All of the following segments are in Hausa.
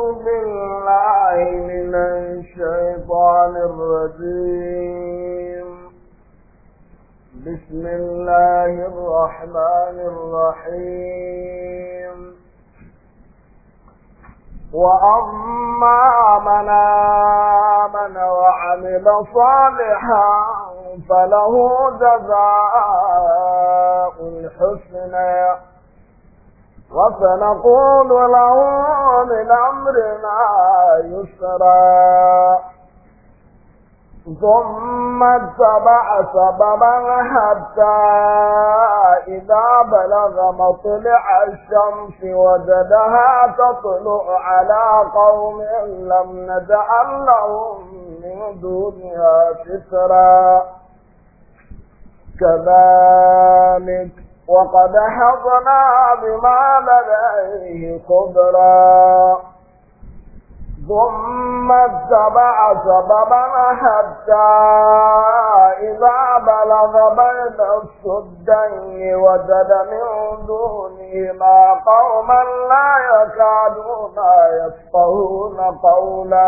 بالله من الشيطان الرجيم بسم الله الرحمن الرحيم وأما من آمن وعمل صالحا فله جزاء الحسنى na-eyitere a a asanagụnụlawụinamrinayosara zụmazaba asaba aha hadaidabaaamatole asọmtiwadadaha tọtụlụ anaagọụ lamadaalawụdụatitara kedaitụ ịzụ wagaam kụdụra bụma zaba azụa aahaiabaaaazụda wadaddụli ma na-aya gmahagadụụlhịa hụ a gawụla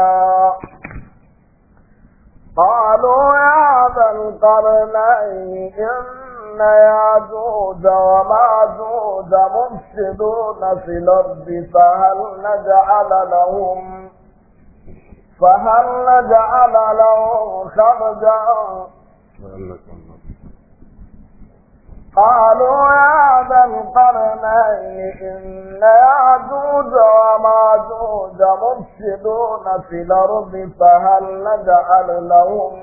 ọnụha aagal إن يعجوج ومعجوز مفسدون في الأرض فهل نجعل لهم فهل نجعل لهم خرجا قالوا يا ذا القرنين إن يعجوج ومعجوز مفسدون في الأرض فهل نجعل لهم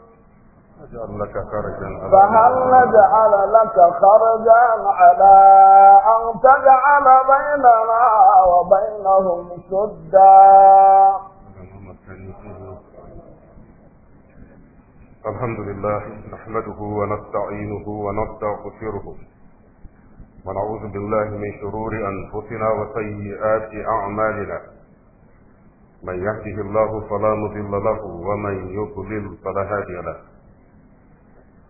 فهل نجعل لك خرجا على أن تجعل بيننا وبينهم سدا الحمد لله نحمده ونستعينه ونستغفره ونعوذ بالله من شرور أنفسنا وسيئات أعمالنا من يهده الله فلا مضل له ومن يضلل فلا هادي له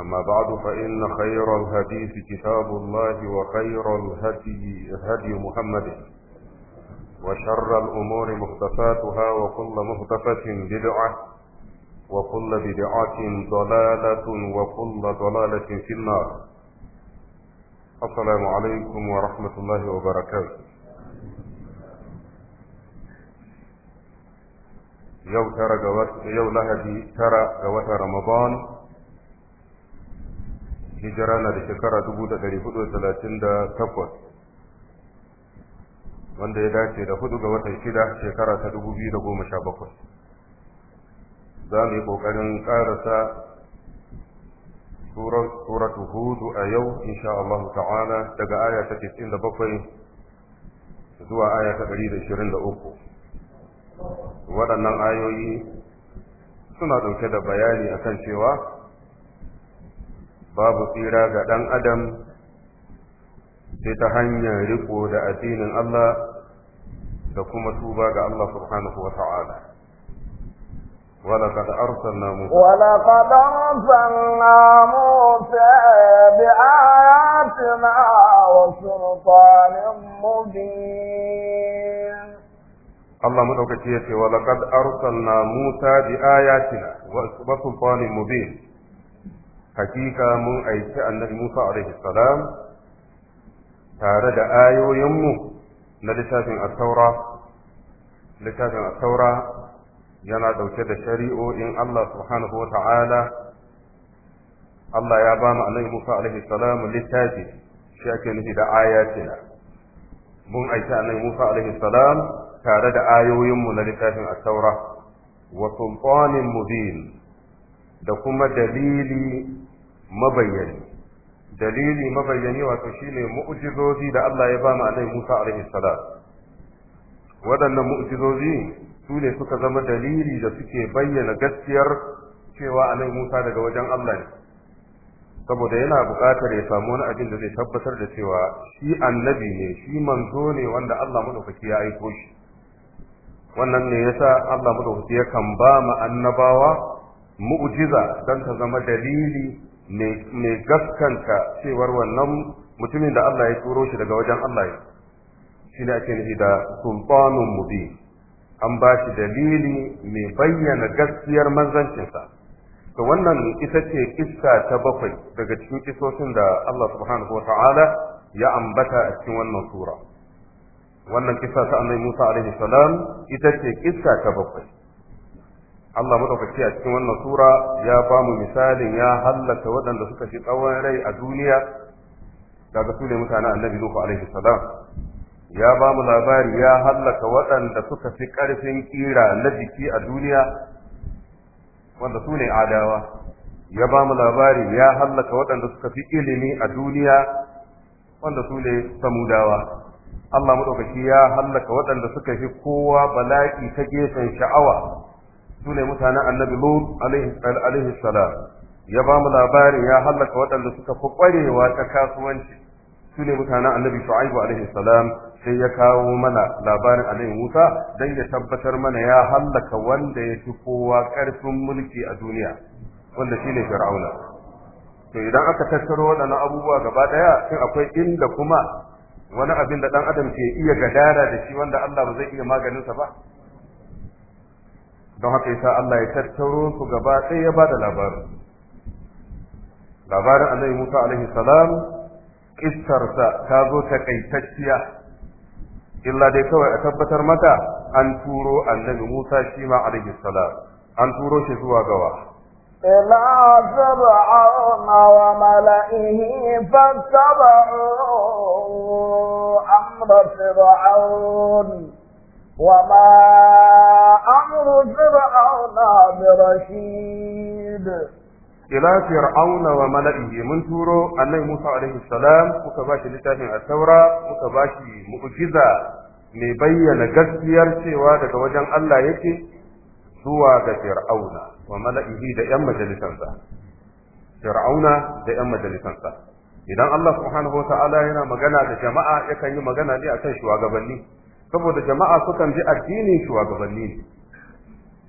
أما بعد فإن خير الحديث كتاب الله وخير الهدي هدي محمد وشر الأمور مختفاتها وكل مختفة بدعة وكل بدعة ضلالة وكل ضلالة في النار السلام عليكم ورحمة الله وبركاته يوم ترى يوم لهدي ترى رمضان hijira na da shekara dubu da da hudu talatin takwas wanda ya dace da hudu ga watan shida shekara ta dubu biyu da bakwai za mu yi ƙoƙarin ƙarasa suratu hudu a yau insha Allah ta'ala daga aya ta da bakwai zuwa aya ta da da ishirin uku. waɗannan ayoyi suna ɗauke da bayani akan cewa babu tsira ga ɗan adam sai ta hanyar riko da addinin Allah da kuma tuba ga Allah subhanahu wa ta'ala ولقد أرسلنا موسى ولقد أرسلنا موسى بآياتنا وسلطان مبين الله مدعوك ولقد أرسلنا موسى بآياتنا وسلطان مبين hakika mun aiki annabi Musa alaihi salam tare da ayoyinmu na littafin asaura littafin at-taura yana dauke da shari'o'in Allah subhanahu wa ta'ala Allah ya ba mu annabi Musa alaihi salam littafi shi ake nufi da ayatina mun aiki annabi Musa alaihi salam tare da ayoyinmu na littafin at-taura wa sultanin mubin da kuma dalili mabayyani dalili mabayyani wato shine mu'jizozi da Allah ya ba mu annabi Musa alaihi salam waɗannan mu'jizozi su ne suka zama dalili da suke bayyana gaskiyar cewa annabi Musa daga wajen Allah ne saboda yana buƙatar ya samu wani abin da zai tabbatar da cewa shi annabi ne shi manzo ne wanda Allah madaukaki ya aiko shi wannan ne yasa Allah madaukaki yakan ba mu annabawa mu'jiza don ta zama dalili ne gaskanta cewar wannan mutumin da Allah ya turo shi daga wajen Allah ya shi ne ake nufi da sultanun mubi an ba shi dalili mai bayyana gaskiyar manzancinsa to wannan ita ce iska ta bakwai daga cikin kisosin da Allah subhanahu wa ta'ala ya ambata a cikin wannan sura wannan kissa ta annabi Musa alaihi salam ita ce iska ta bakwai Allah madaukaki a cikin wannan sura ya ba mu misalin ya hallaka waɗanda suka fi tsawon rai a duniya daga su ne mutanen annabi Nuhu alaihi salam ya ba mu labari ya hallaka waɗanda suka fi ƙarfin kira na jiki a duniya wanda su ne adawa ya ba mu labari ya hallaka waɗanda suka fi ilimi a duniya wanda su ne samudawa Allah madaukaki ya hallaka waɗanda suka fi kowa bala'i ta gefen sha'awa sune mutanen annabi lut alaihi salam ya ba mu labarin ya hallaka waɗanda suka fi ƙwarewa ta kasuwanci su ne mutanen annabi shu'aibu alaihi salam sai ya kawo mana labarin alaihi musa dan ya tabbatar mana ya hallaka wanda ya fi kowa ƙarfin mulki a duniya wanda shi ne fir'auna to idan aka tattaro waɗannan abubuwa gaba ɗaya shin akwai inda kuma wani abin da ɗan adam ke iya gadara da shi wanda allah ba zai iya maganinsa ba don haka yasa Allah ya tattaro su gaba ɗaya ya da labarin labarin Annabi Musa alaihi salam kistarsa ta zo ta takaitacciya illa dai kawai a tabbatar mata an turo Annabi Musa shi ma alaihi salam an turo shi zuwa gawa إلى فرعون وملئه فاتبعوا أمر فرعون وما أمر فرعون برشيد إلى فرعون وملئه من تورو أن موسى عليه السلام مكباشي لتاهم التوراة مكباشي مؤجزة mai bayyana gaskiyar cewa daga wajen Allah yake zuwa ga Fir'auna wa da ‘yan majalisansa. Fir'auna da ‘yan majalisansa. Idan Allah subhanahu wa ta'ala yana magana da jama'a yakan yi magana ne akan shugabanni. saboda jama'a sukan ji addinin shugabanni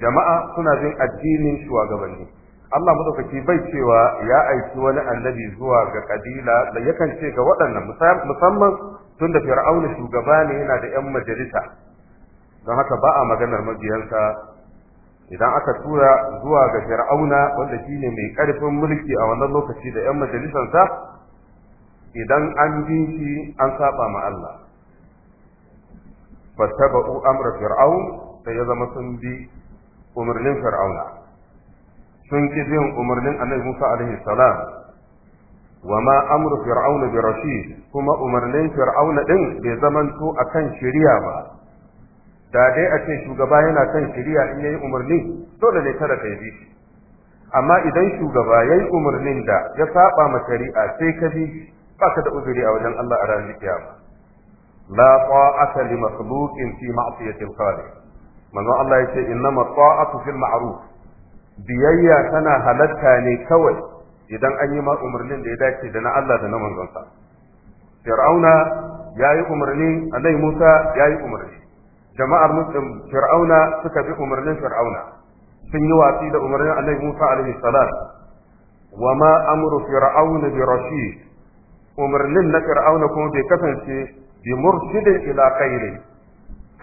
jama'a suna jin addinin shugabanni Allah madaukaki bai cewa ya aiki wani annabi zuwa ga kabila da yakan ce ga waɗannan musamman tun da fir'auna shugaba ne yana da yan majalisa don haka ba a maganar mabiyansa idan aka tura zuwa ga fir'auna wanda shine mai ƙarfin mulki a wannan lokaci da yan majalisansa idan an bi shi an saba ma Allah fattaba'u amra fir'aun sai ya zama sun bi umarnin fir'auna sun ki bin umarnin annabi Musa alaihi salam wa ma amru fir'auna bi rashid kuma umarnin fir'auna din bai zamanto akan shari'a ba da dai a ce shugaba yana kan shari'a in yayi umarni dole ne kada kai bi amma idan shugaba yayi umarnin da ya saba ma shari'a sai ka bi baka da uzuri a wajen Allah a ranar kiyama la ta'ata li makhluqin fi ma'siyati al-khaliq manzo Allah yace innama ta'atu fil ma'ruf biyayya tana halatta ne kawai idan an yi ma umarnin da ya dace da na Allah da na manzonsa fir'auna yayi umarni alai Musa yayi umarni jama'ar muslim fir'auna suka bi umarnin fir'auna sun yi watsi da umarnin alai Musa alaihi wa ma amru fir'auna bi rashid umarnin na fir'auna kuma bai kasance bi mursidin ila khairi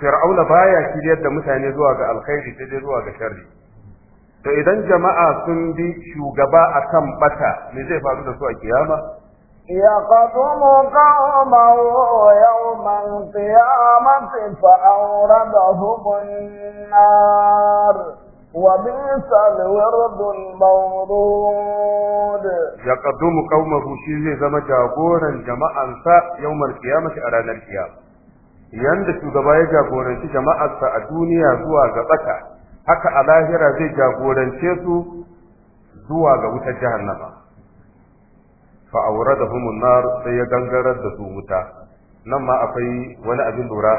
fir'auna baya shiryar da mutane zuwa ga alkhairi sai zuwa ga sharri to idan jama'a sun bi shugaba akan bata me zai faru da su a kiyama يقدم قومه يوم القيامة da النار وبئس الورد المورود zai zama jagoran jama'ansa a ranar kiyama yanda shugaba ya jagoranci jama'arsa a duniya zuwa ga tsaka haka a lahira zai jagorance su zuwa ga wutar jahannama fa awradahumun nar sai ya gangarar da su wuta nan ma akwai wani abin lura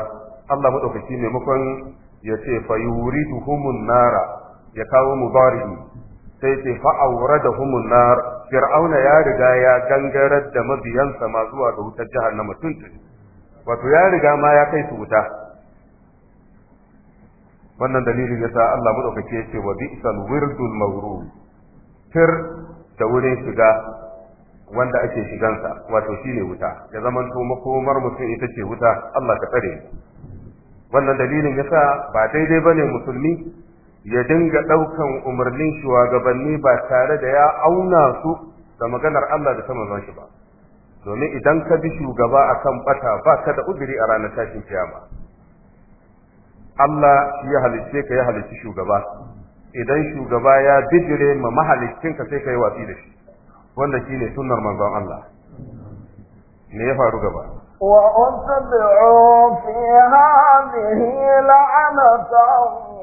Allah madaukaki maimakon ya ce fa nara ya kawo mubarihi sai ce fa'aura da humunar fir'auna ya riga ya gangarar da mabiyansa ma zuwa ga wutar jahannama tun tuni wato ya riga ma ya kai su wuta wannan dalilin sa Allah mu ya ce wa bi'sal wirdul mawrud fir da wurin shiga wanda ake shigansa wato shine wuta ya zaman to makomar mutum ita ce wuta Allah ka tsare wannan dalilin yasa ba daidai bane musulmi ya dinga ɗaukan umarnin shugabanni ba tare da ya auna su da maganar Allah da ta manzon shi ba domin idan ka bi shugaba a kan bata ba ka da uzuri a ranar tashin kiyama Allah ya halicce ka ya halicci shugaba idan shugaba ya bijire ma mahalicin ka sai ka yi watsi da shi wanda shi ne sunnar manzon Allah me ya faru gaba وأتبعوا في هذه لعنة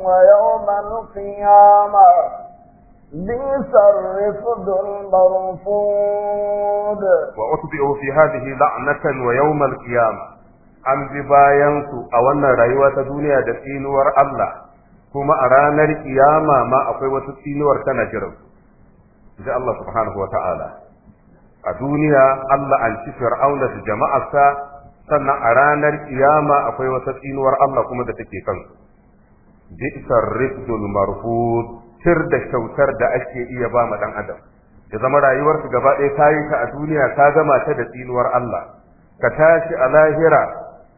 ويوم القيامة بيس الرفض المرفوض وأتبعوا في هذه لعنة ويوم القيامة an bi bayansu a wannan rayuwa ta duniya da tsinuwar Allah kuma a ranar kiyama ma akwai wata tsinuwar tana jiran Allah subhanahu a duniya Allah an ci fir'auna da jama'arsa sannan a ranar kiyama akwai wata tsinuwar Allah kuma da take kansu bi'sar rifdul marfud tir da kyautar da ake iya ba ma dan adam ya zama rayuwarka gaba ɗaya yi ta a duniya ta gama ta da tsinuwar Allah ka tashi a lahira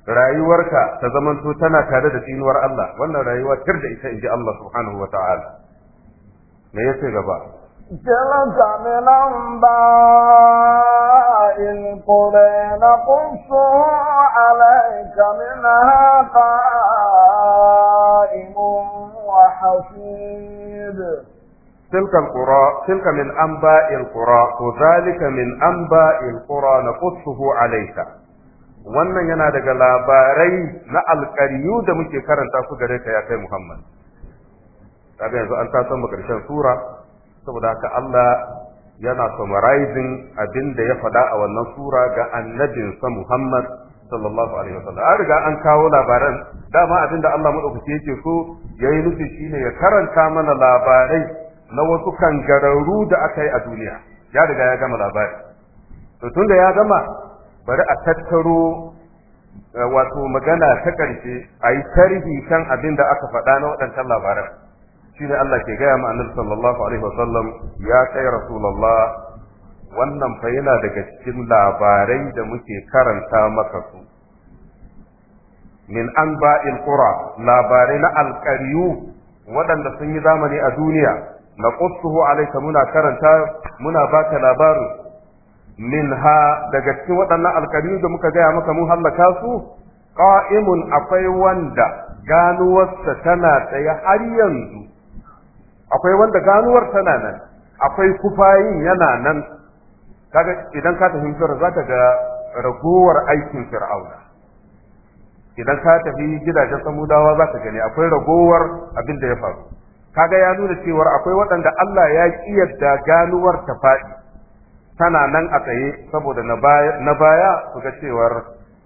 rayuwarka ta zamanto tana tare da tsinuwar Allah wannan rayuwa tir da ita inji Allah subhanahu wa ta'ala me yace gaba تلك من أنباء القرى عليك منها قائم تلك القرى تلك من أنباء القرى وذلك من أنباء القرى نقصه عليك wannan yana daga labarai na alƙaryu da muke karanta su gare ka ya kai Muhammad. Kaga yanzu an tasan mu ƙarshen sura saboda haka Allah yana summarizing abin da ya faɗa a wannan sura ga annabinsa Muhammad sallallahu alaihi wasallam an riga an kawo labaran dama abin da Allah madaukake yake so yayi nufi shine ya karanta mana labarai na wasu kangararru da aka yi a duniya ya riga ya gama labari to tunda ya gama bari a tattaro eh, wato magana ta ƙarshe a yi tarihi kan abin da aka faɗa na waɗancan labaran shine Allah ke gaya ma annabi sallallahu alaihi wasallam ya kai rasulullah wannan fa yana daga cikin labarai da muke karanta maka su min anba'il qura labarai na alqariyu waɗanda sun yi zamani a duniya na qussuhu alayka muna karanta muna baka labarin minha daga cikin waɗannan alqariyu da muka gaya maka mun hallaka su ƙa'imun akwai wanda ganuwarsa tana tsaye har yanzu akwai wanda ganuwar tana nan akwai kufayin yana nan kaga idan ka tafi za ka ga ragowar aikin fir'auna idan ka tafi gidajen samudawa ka gani akwai ragowar abin da ya faru kaga ya nuna cewar akwai waɗanda Allah ya kiyarda ganuwar ta faɗi tana nan a tsaye saboda na baya su ga cewar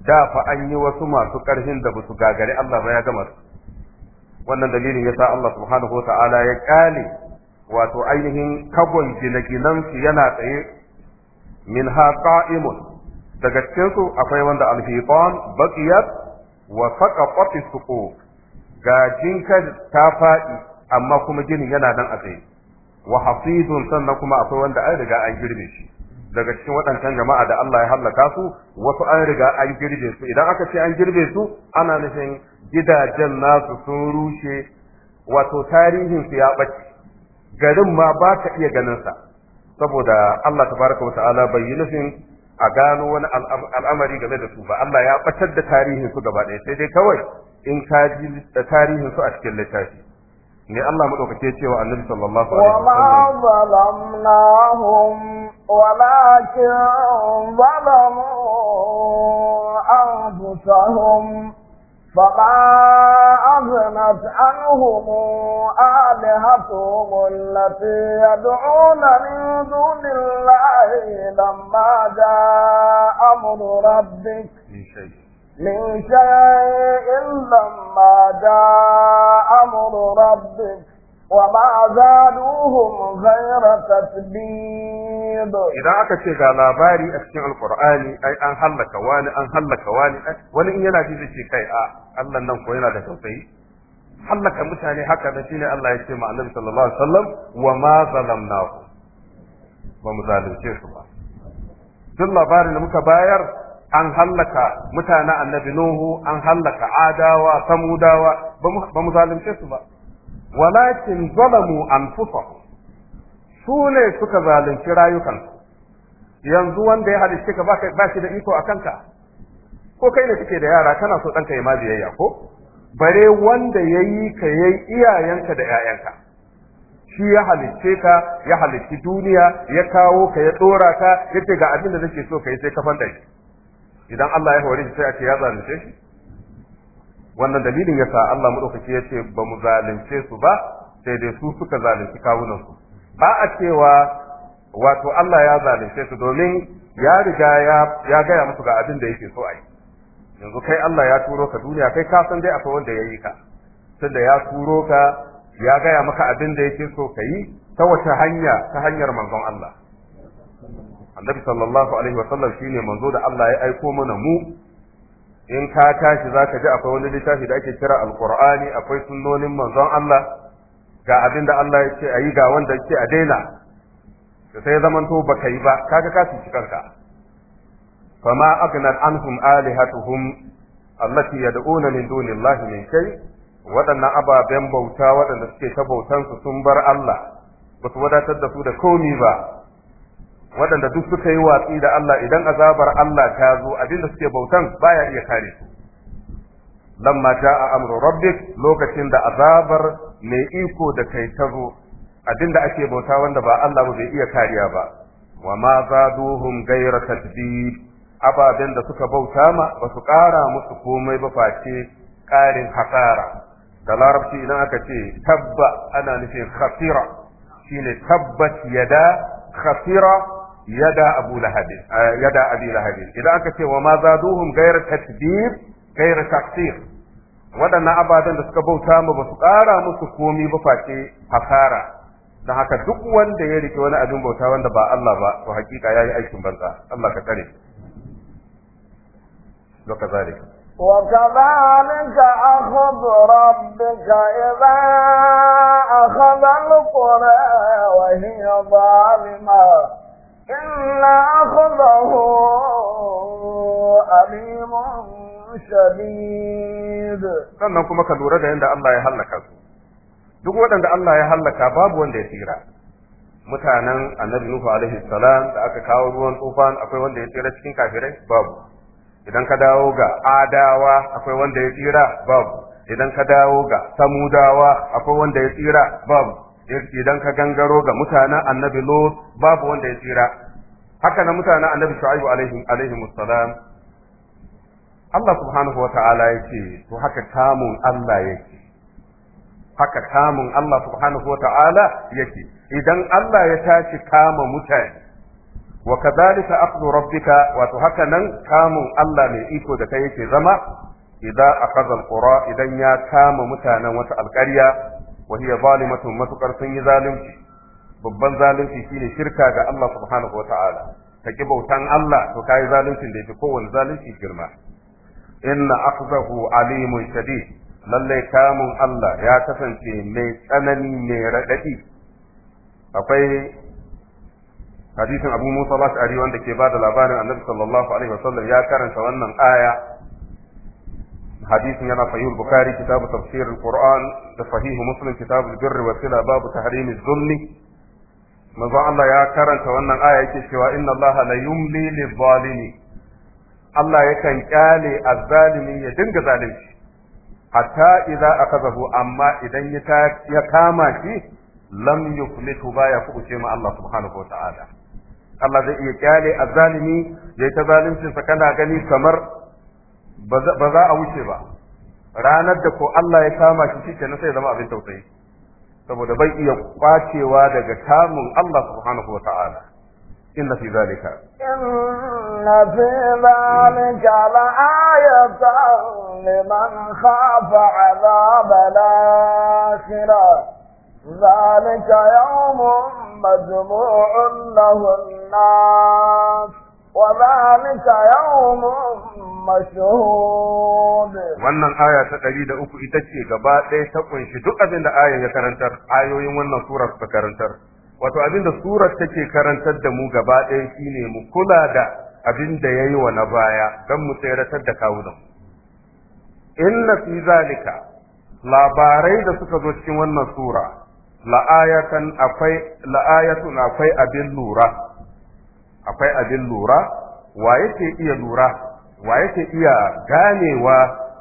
da fa an yi wasu masu ƙarfin da ba su gagari Allah ba ya gama su wannan dalilin ya sa Allah subhanahu ta'ala ya kyale wato ainihin kagon gine-ginen yana tsaye min ha qa'imun daga cikin akwai wanda alhiqan baqiyat wa saqaqat suqu ga ka ta faɗi amma kuma ginin yana nan a tsaye wa hafizun sannan kuma akwai wanda an riga an girbe shi daga cikin waɗancan jama'a da Allah ya hallaka su wasu an riga an girbe su idan aka ce an girbe su ana nufin gidajen nasu sun rushe wato tarihinsu ya ɓace garin ma ba ka iya ganinsa saboda Allah tabaraka wata'ala bai yi nufin a gano wani al'amari game da su ba Allah ya ɓatar da tarihinsu gaba ɗaya sai dai kawai in ka ji da tarihinsu a cikin littafi ne Allah madaukake cewa annabi sallallahu alaihi wasallam wa zalamnahum walakin zalamu anfusahum bamaọ dnat anụhụm alihapụ ụmụlatiadlaizụirhilaaục iceizlam amụrụ rabic wama azaluhum ghayra tatbid idan aka ce ga labari a cikin alqur'ani ai an halaka wani an halaka wani wani in yana ji kai a Allah nan ko yana da tausayi halaka mutane haka da Allah ya ce ma'anar sallallahu alaihi wasallam wama zalamnahu ba mu zalunce su ba duk labarin da muka bayar an halaka mutanen annabi Nuhu an halaka Adawa Samudawa ba mu zalunce su ba walakin zalamu anfusahum su ne suka zalunci rayukansu yanzu wanda ya halicce ka ba shi da iko a kanka ko kai ne kake da yara kana so ɗanka ya ma biyayya ko bare wanda ya yi ka ya yi iyayenka da ‘ya'yanka shi ya halicce ka ya halicci duniya ya kawo ka ya ɗora ka ya ce ga abin da nake so ka yi sai ka fanda idan Allah ya hore shi sai a ce ya zalunce shi wannan dalilin yasa Allah madaukaki ya ce ba mu zalunce su ba sai dai su suka zalunci kawunan su ba a cewa wato Allah ya zalunce su domin ya riga ya gaya musu ga abin da yake so a yi yanzu kai Allah ya turo ka duniya kai ka san dai akwai wanda ya yi ka tunda ya turo ka ya gaya maka abin da yake so ka yi ta wace hanya ta hanyar manzon Allah annabi sallallahu alaihi wasallam shine manzo da Allah ya aiko mana mu in ka tashi za ka ji akwai wani littafi da ake kira alkur'ani akwai sunnonin manzon Allah ga abin da Allah ya ce a yi ga wanda yake a daina da sai zamanto ba ka yi ba kaga ka cuci kanka fama aghnat anhum alihatuhum allati yad'una min Allah min shay waɗannan ababen bauta waɗanda suke ta su sun bar Allah ba su wadatar da su da komi ba waɗanda duk suka yi watsi da Allah idan azabar Allah ta zo abinda suke bautan baya iya kare su lamma a amru rabbik lokacin da azabar mai iko da kai ta zo abinda ake bauta wanda ba Allah ba bai iya kariya ba wa ma zaduhum gaira tadbir ababen da suka bauta ma ba su ƙara musu komai ba face ƙarin hasara da larabci idan aka ce tabba ana nufin khasira shine tabbas, yada khasira yada abu lahabin yada abi lahabi idan aka ce wa ma zaduhum ghayra tadbir ghayra taqsir waɗannan ababen da suka bauta mu ba su ƙara musu komi ba face hasara dan haka duk wanda ya rike wani abin bauta wanda ba Allah ba to hakika yayi aikin banza Allah ka kare doka zalika وكذلك أخذ ربك إذا أخذ القرى وهي ظالمة إلا أخذه أليم شديد sannan kuma ka lura da yadda Allah ya hallaka su duk waɗanda Allah ya hallaka babu wanda ya tsira mutanen annabi Nuhu alaihi salam da aka kawo ruwan tufan akwai wanda ya tsira cikin kafirai babu idan ka dawo ga adawa akwai wanda ya tsira babu idan ka dawo ga samudawa akwai wanda ya tsira babu idan ka gangaro ga mutanen annabi lot babu wanda ya tsira haka na mutanen annabi shu'aibu alaihi alaihi musallam Allah subhanahu wa ta'ala yake to haka kamun Allah yake haka kamun Allah subhanahu wa ta'ala yake idan Allah ya tashi kama mutane wa kadhalika aqdu rabbika wato haka nan kamun Allah mai iko da kai yake zama idan akhadha alqura idan ya kama mutanen wata alqarya wa hiya zalimatun matukar sun yi zalunci babban zalunci shine shirka ga Allah subhanahu wata'ala ka ki bautan Allah to kai zaluncin da yake kowanne zalunci girma inna akhzahu alimun shadid lalle kamun Allah ya kasance mai tsanani mai radadi akwai hadisin Abu Musa al-Ash'ari wanda ke bada labarin Annabi sallallahu alaihi wasallam ya karanta wannan aya hadisin yana sahih bukhari kitabu tafsir al-qur'an da sahih muslim kitabu al-birr wa sila babu tahrim az-zulmi manzo Allah ya karanta wannan aya yake cewa inna Allah la yumli lidh-dhalimi Allah yakan kyale az-zalimi ya dinga zalunci hatta idza akazahu amma idan ya kama shi lam ba ya kubuce ma Allah subhanahu wa ta'ala Allah zai iya kyale az-zalimi yayi ta zalunci sa kana gani kamar ba za a wuce ba ranar da ko Allah ya kama shi cike na sai zama abin tausayi saboda bai iya kwacewa daga kamun Allah subhanahu wa ta'ala إن في ذلك إن في ذلك لآية لمن خاف عذاب الآخرة ذلك يوم مجموع له الناس وذلك يوم مشهود wannan aya ta ɗari da uku ita ce gaba ɗaya ta kunshi duk abin da ayan ya karantar ayoyin wannan sura ta karantar wato abin da surar take karantar da mu gaba ɗaya shine mu kula da abin da yayi wa na baya don mu tseratar da kawunan inna fi zalika labarai da suka zo cikin wannan sura akwai la'ayatun akwai abin lura akwai abin lura wa yake iya lura wa yake iya ganewa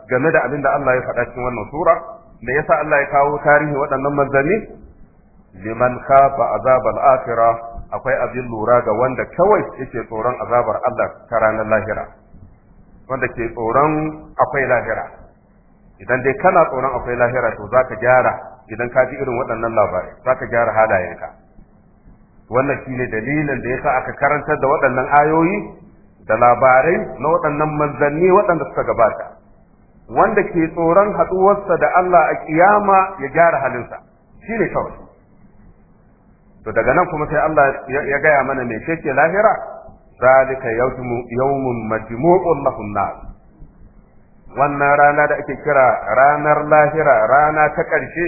game da abin da Allah ya faɗa cikin wannan sura da yasa Allah ya kawo tarihi waɗannan manzanni liman khafa azabal akhirah akwai abin lura ga wanda kawai yake tsoron azabar Allah ta ranar lahira wanda ke tsoron akwai lahira idan dai kana tsoron akwai lahira to zaka gyara idan ka ji irin waɗannan labarai zaka gyara halayenka wannan shine dalilin da yasa aka karantar da waɗannan ayoyi da labarai na waɗannan manzanni waɗanda suka gabata wanda ke tsoron haɗuwarsa da Allah a kiyama ya gyara halinsa shine kawai to daga nan kuma sai Allah ya gaya mana me ce lahira zalika yawmun majmu'un lahun nas wannan rana da ake kira ranar lahira rana ta ƙarshe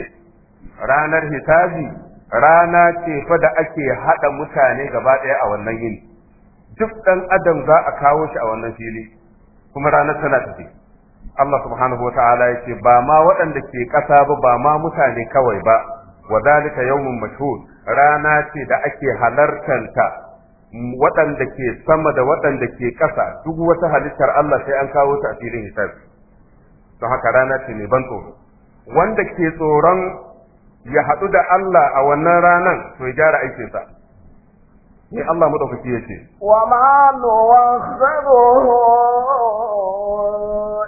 ranar hisabi rana ce fa da ake haɗa mutane gaba ɗaya a wannan yini duk ɗan adam za a kawo shi a wannan fili kuma ranar tana tafi Allah subhanahu wataala yace ba ma waɗanda ke ƙasa ba ba ma mutane kawai ba wa zalika yawmun mashhur rana ce da ake halartanta waɗanda ke sama da waɗanda ke ƙasa duk wata halittar Allah sai an kawo ta a filin hisabi don haka rana ce mai ban tsoro wanda ke tsoron ya haɗu da Allah a wannan ranan to ya gyara aikinsa Ni Allah madaukaki ya ce wa ma nuwakhiruhu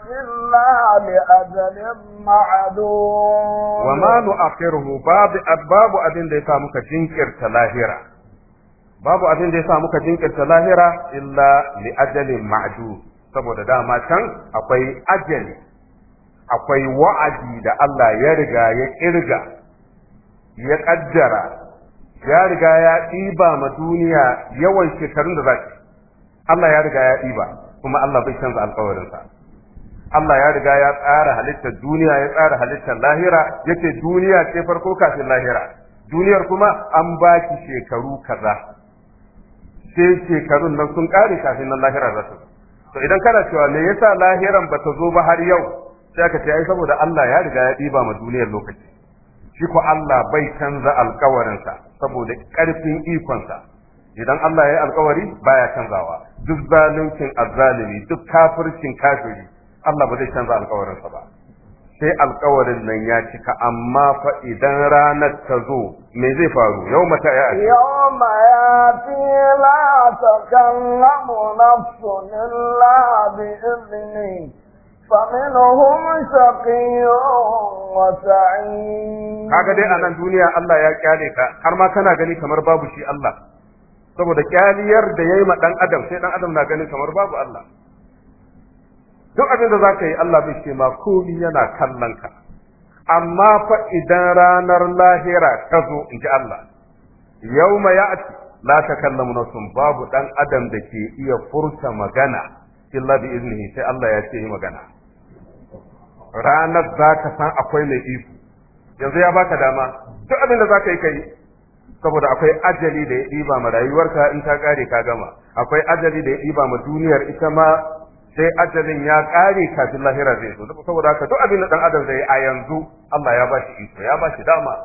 illa li ajalin ma'adu. wa ma babu babu abin da ya sa muka jinkirta lahira babu abin da ya sa muka jinkirta lahira illa li ajalin ma'adu saboda dama can akwai ajali akwai wa'adi da Allah ya riga ya kirga ya kaddara ya riga ya ɗiba ma duniya yawan shekarun da zaki Allah ya riga ya ɗiba kuma Allah bai canza alkawarinsa Allah ya riga ya tsara halittar duniya ya tsara halittar lahira yace duniya ce farko kafin lahira duniyar kuma an baki shekaru kaza sai shekarun nan sun kare kafin nan lahira za to idan kana cewa me yasa lahiran ba ta zo ba har yau sai aka ce ai saboda Allah ya riga ya ɗiba ma duniyar lokaci shi ko Allah bai canza alkawarinsa saboda ƙarfin ikonsa idan Allah ya yi alkawari baya canzawa duk zaluncin azzalimi duk kafircin kafiri Allah ba zai canza alkawarinsa ba sai alkawarin nan ya cika amma fa idan ranar ta zo me zai faru yau mata ya ake ma ya fi la takallamu nafsun illa bi فمنهم شقي kaga dai a nan duniya Allah ya kyale ka har ma kana gani kamar babu shi Allah saboda kyaliyar da yayi ma dan adam sai dan adam na gani kamar babu Allah duk abin da zaka yi Allah bai ce ma komi yana kallon ka amma fa idan ranar lahira ta zo in ji Allah yawma ya'ti la takallamu nafsun babu dan adam da ke iya furta magana illa bi iznihi sai Allah ya ce magana ranar za ka san akwai mai iko yanzu ya baka dama duk abin da za ka yi ka saboda akwai ajali da ya ɗiba ma rayuwarka in ta ƙare ka gama akwai ajali da ya ɗiba ma duniyar ita ma sai ajalin ya ƙare kafin lahira zai zo saboda haka duk abin da ɗan adam zai a yanzu Allah ya ba shi iko ya ba shi dama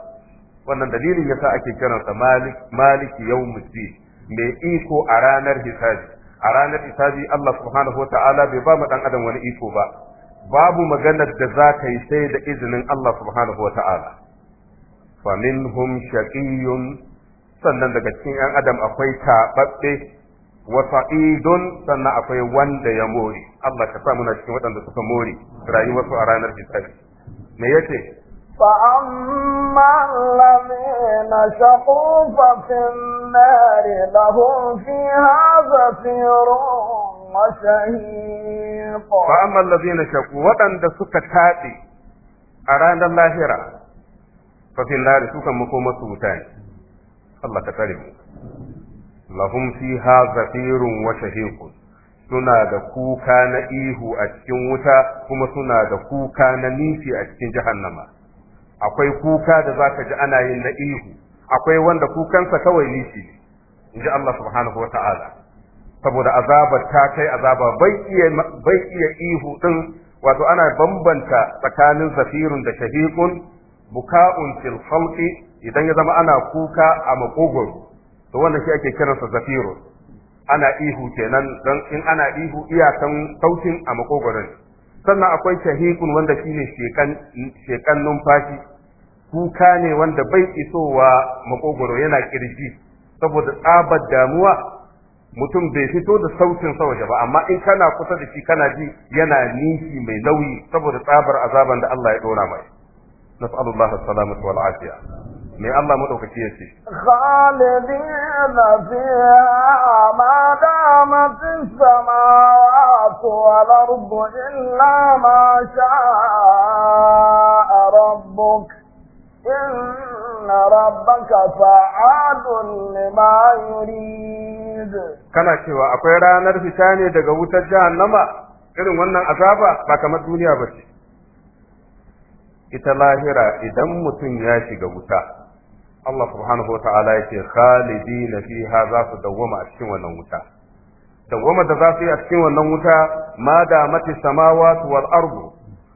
wannan dalilin yasa ake kiransa malik maliki yawmuddin mai iko a ranar hisabi a ranar hisabi Allah subhanahu wa ta'ala bai ba mu ɗan adam wani iko ba babu maganar da za ka yi sai da izinin Allah subhanahu wa ta'ala fa minhum shaqiyyun sannan daga cikin ‘yan adam akwai taɓaɓɓe wa sa'idun sannan akwai wanda ya mori Allah ka sa muna cikin waɗanda suka more rayuwarsu a ranar hisabi me yace فأما الذين شقوا ففي النار لهم فيها زفير وشهيقا فأما الذين شكوا ودن دسك تاتي أرانا اللاهرة ففي النار سوكا مقومة سوتان الله تكلم لهم فيها زفير وشهيق suna da kuka na ihu a cikin wuta kuma suna da kuka na nishi a cikin jahannama akwai kuka da zaka ji ana yin na ihu akwai wanda kukansa kawai nishi ne in ji Allah subhanahu wa ta'ala saboda azabar ta kai azaba bai iya ihu din wato ana bambanta tsakanin zafirun da shahiqun buka'un fil khalqi idan ya zama ana kuka a makogon to wannan shi ake kiransa zafirun ana ihu kenan dan in ana ihu iyakan sautin a makogoron sannan akwai shahiqun wanda shine shekan shekan numfashi kuka ne wanda bai isowa makogoro yana kirji saboda tsabar damuwa mutum bai fito da sautin sa ba amma in kana kusa da shi kana ji yana nishi mai nauyi saboda tsabar azaban da Allah ya dora mai nas'alullahi as-salamata wal afiya me Allah madaukaki ya ce khalidina fiha ma damat as-samawati wal ardu illa ma sha'a rabbuk inna rabbaka fa'alun lima yurid kana cewa akwai ranar fita ne daga wutar jahannama irin wannan azaba ba kamar duniya ba ce ita lahira idan mutum ya shiga wuta Allah subhanahu wata'ala ya ce khalidina fiha za su dawwama a cikin wannan wuta dawwama da za su yi a cikin wannan wuta ma da mati samawati wal ardu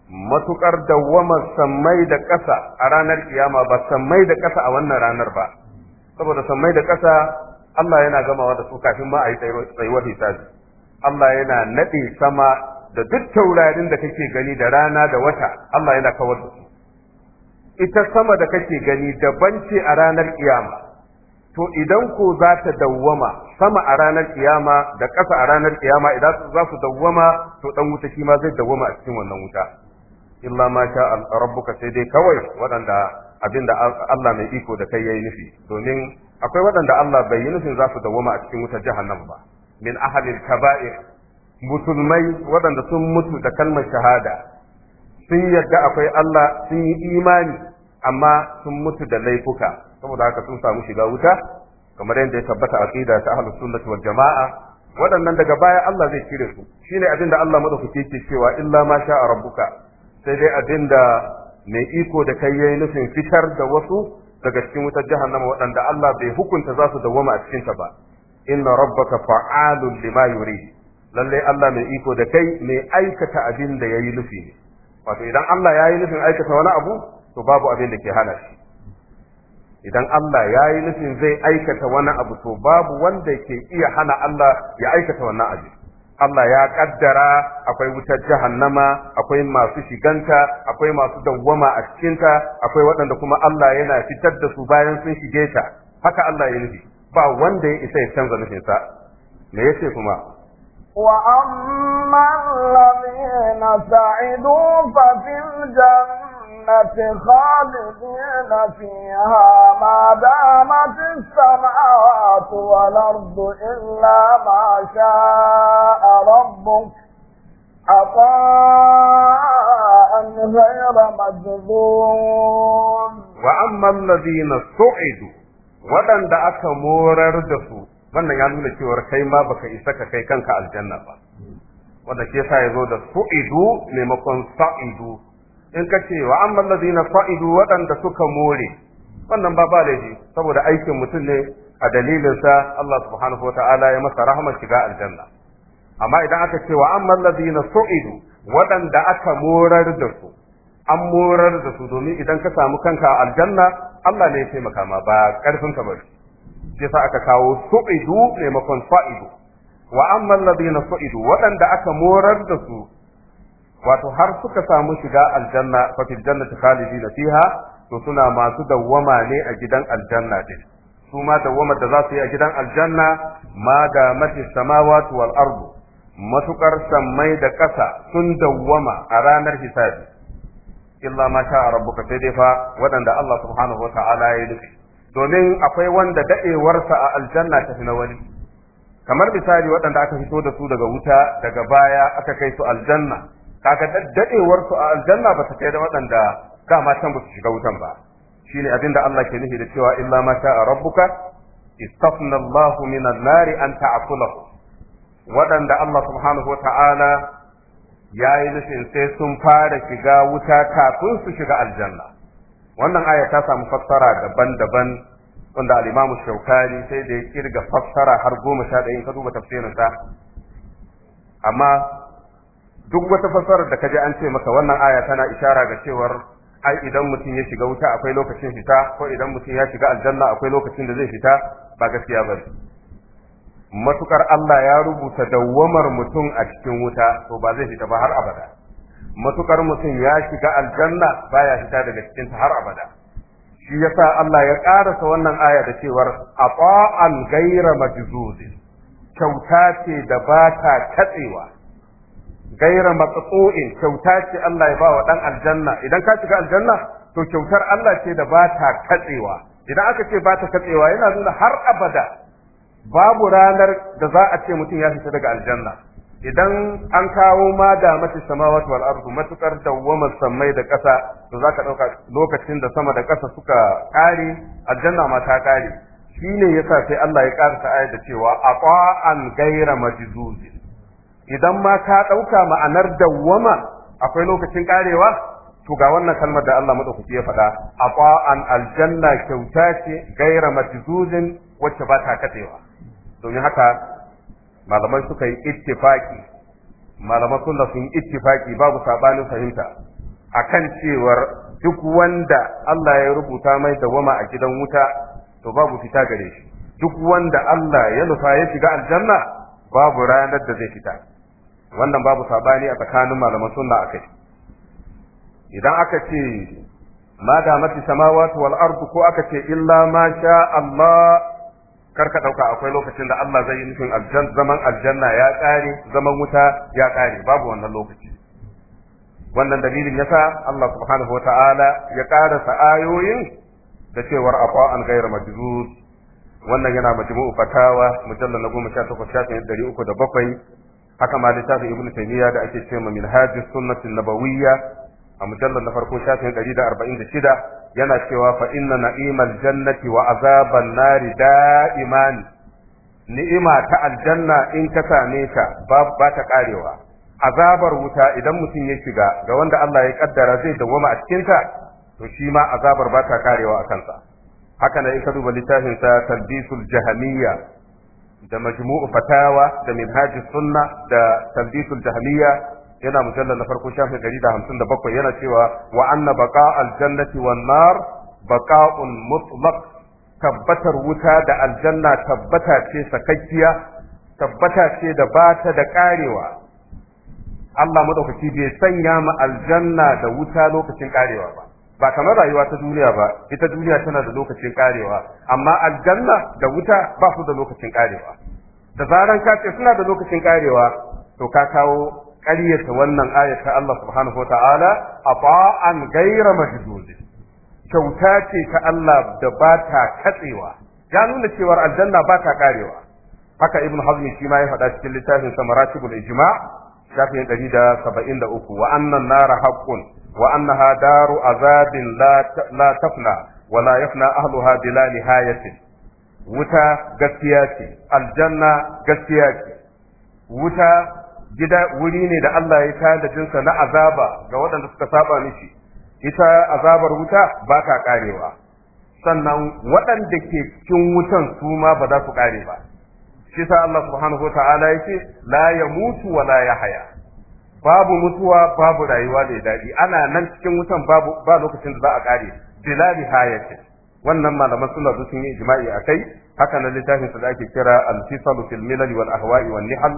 matukar dawwamar sammai da ƙasa a ranar kiyama ba sammai da ƙasa a wannan ranar ba saboda sammai da kasa Allah yana gamawa da su kafin ma a yi tsayuwar hisabi Allah yana naɗe sama da duk taurarin da kake gani da rana da wata Allah yana kawar da su ita sama da kake gani daban ce a ranar kiyama to idan ko za ta dawwama sama a ranar kiyama da ƙasa a ranar kiyama idan za su dawwama to dan wuta shi zai dawwama a cikin wannan wuta illa ma sha rabbuka sai dai kawai waɗanda abinda Allah mai iko da kai yayi nufi domin akwai waɗanda Allah bai yi nufin za su dawwama a cikin wutar jahannam ba min ahalil kaba'ir musulmai waɗanda sun mutu da kalmar shahada sun yadda akwai Allah sun yi imani amma sun mutu da laifuka saboda haka sun samu shiga wuta kamar yadda ya tabbata aqida ta ahlus sunnah wal jama'a waɗannan daga baya Allah zai cire su shine abin da Allah madaukake ke cewa illa ma sha rabbuka sai dai abin da mai iko da kai yayi nufin fitar da wasu daga cikin wutar jahannama waɗanda Allah bai hukunta za su dawwama a cikinta ba inna rabbaka fa'alun lima yurid lalle Allah mai iko da kai mai aikata abin da yayi nufi ne wato idan Allah yayi nufin aikata wani abu to babu abin da ke hana shi idan Allah yayi nufin zai aikata wani abu to babu wanda ke iya hana Allah ya aikata wannan abin Allah ya kaddara akwai wutar jahannama akwai masu shiganta akwai masu dawwama a cikinta akwai waɗanda kuma Allah yana fitar da su bayan sun shige ta haka Allah ya nufi ba wanda ya isa ya canza nufinsa me yace kuma وأما na sa'idu fa fil الجنة خالدين فيها ما دامت السماوات والأرض إلا ما شاء ربك عطاء غير مجذوب وأما الذين سعدوا waɗanda aka morar da su wannan ya nuna cewar kai ma baka isa ka kai kanka aljanna ba wanda ke sa ya zo da su'idu maimakon sa'idu in ka ce wa amma na fa'idu waɗanda suka more wannan ba ba laifi saboda aikin mutum ne a dalilinsa Allah subhanahu Ta'ala ya masa rahama shiga aljanna amma idan aka ce wa amma na su'idu waɗanda aka morar da su an morar da su domin idan ka samu kanka a aljanna Allah ne ya taimaka ma ba karfin ka bari shi sa aka kawo su'idu maimakon fa'idu wa waɗanda aka morar da su wato har suka samu shiga aljanna fa fil jannati fiha to suna masu dawwama ne a gidan aljanna din su ma dawwama da za su yi a gidan aljanna ma da mati samawati wal ardu matukar sammai da ƙasa sun dawwama a ranar hisabi illa ma sha rabbuka sai dai fa waɗanda Allah subhanahu wa ta'ala ya nufi domin akwai wanda daɗewarsa a aljanna ta fi na wani kamar misali waɗanda aka fito da su daga wuta daga baya aka kai su aljanna kaga daddadewar su a aljanna ba ta kai da waɗanda dama can ba su shiga wutan ba shine abin da Allah ke nufi da cewa illa ma sha'a rabbuka istafna Allahu min an-nari an ta'kula waɗanda Allah subhanahu wata'ala ta'ala ya yi nufin sai sun fara shiga wuta kafin su shiga aljanna wannan aya ta samu fassara daban-daban wanda al-Imam Shawkani sai da ya kirga fassara har goma sha in ka duba tafsirinsa amma duk wata fasarar da kaji an ce maka wannan aya tana ishara ga cewar ai idan mutum ya shiga wuta akwai lokacin fita ko idan mutum ya shiga aljanna akwai lokacin da zai fita ba gaskiya ba matukar Allah ya rubuta dawwamar mutum a cikin wuta to ba zai fita ba har abada matukar mutum ya shiga aljanna baya fita daga cikin ta har abada shi yasa Allah ya karasa wannan aya da cewar ata'an gaira majzuzin kyauta ce da ba ta katsewa gaira matsu'in kyauta ce Allah ya ba wa dan aljanna idan ka shiga aljanna to kyautar Allah ce da ba ta katsewa idan aka ce ba ta katsewa yana nuna har abada babu ranar da za a ce mutum ya fita daga aljanna idan an kawo ma da mace samawati wal ardu matukar dawwamar samai da ƙasa to zaka dauka lokacin da sama da ƙasa suka kare aljanna ma ta kare shine yasa sai Allah ya karanta ayat da cewa an gaira majzuzin idan ma ka ɗauka ma'anar dawwama akwai lokacin karewa to ga wannan kalmar da Allah madaukaki ya faɗa an aljanna kyauta ce gaira matizuzin wacce ba ta katsewa domin haka malaman suka yi ittifaki malaman sunna sun ittifaki babu sabanin fahimta akan cewar duk wanda Allah ya rubuta mai dawwama a gidan wuta to babu fita gare shi duk wanda Allah ya nufa ya shiga aljanna babu ranar da zai fita wannan babu sabani a tsakanin malaman sunna akai idan aka ce ma da mati samawati wal ardu ko aka ce illa ma sha Allah karka dauka akwai lokacin da Allah zai yi nufin aljanna zaman aljanna ya kare zaman wuta ya kare babu wannan lokaci wannan dalilin yasa Allah subhanahu wata'ala ya ya sa ayoyin da cewar aqa'an ghayra majdud wannan yana majmu'u fatawa mujallal na 18 shafin 307 haka ma littafin ibnu taymiya da ake cewa minhajus sunnati nabawiyya a mujallar na farko shafin 146 yana cewa fa inna na'imal jannati wa azaban nari da'iman ni'ima ta aljanna in ka same ta ba ta karewa azabar wuta idan mutum ya shiga ga wanda Allah ya kaddara zai dawwama a cikin ta to shi ma azabar ba ta karewa a kansa haka ne in ka duba littafin sa talbisul jahamiyya da majmu'u fatawa da minhajus sunna da talbisul jahmiya yana mujallal na farko shafi 157 yana cewa wa anna baqa al-jannati wan nar baqa'un mutlaq tabbatar wuta da aljanna tabbata ce sakakkiya tabbata ce da bata da karewa Allah madaukaki bai sanya mu aljanna da wuta lokacin karewa ba ba kamar rayuwa ta duniya ba ita duniya tana da lokacin karewa amma aljanna da wuta ba su da lokacin karewa da zaran ka ce suna da lokacin karewa to ka kawo ƙaryata wannan ayat ta Allah subhanahu wa ta'ala a ba'an gaira majdud kyauta ce ta Allah da ba ta katsewa ya nuna cewa aljanna ba ta karewa haka ibn hazmi shi ma ya faɗa cikin littafin sa maratibul ijma shafin 173 wa annan nar haqqun wa annaha daru azabin la la tafna wa la yafna ahluha bila nihayatin wuta gaskiya ce aljanna gaskiya ce wuta gida wuri ne da Allah ya da jinsa na azaba ga waɗanda suka saba mishi ita azabar wuta ba ta karewa sannan waɗanda ke cikin wutan su ma ba za su kare ba shi sa Allah subhanahu wata'ala yake la ya mutu wa la ya haya babu mutuwa babu rayuwa da daɗi ana nan cikin wutan babu ba lokacin da za a kare bila nihayatin wannan malaman suna su sun yi ijma'i a kai haka nan littafin sa da ake kira al-fisalu fil milal wal ahwa'i wan nihal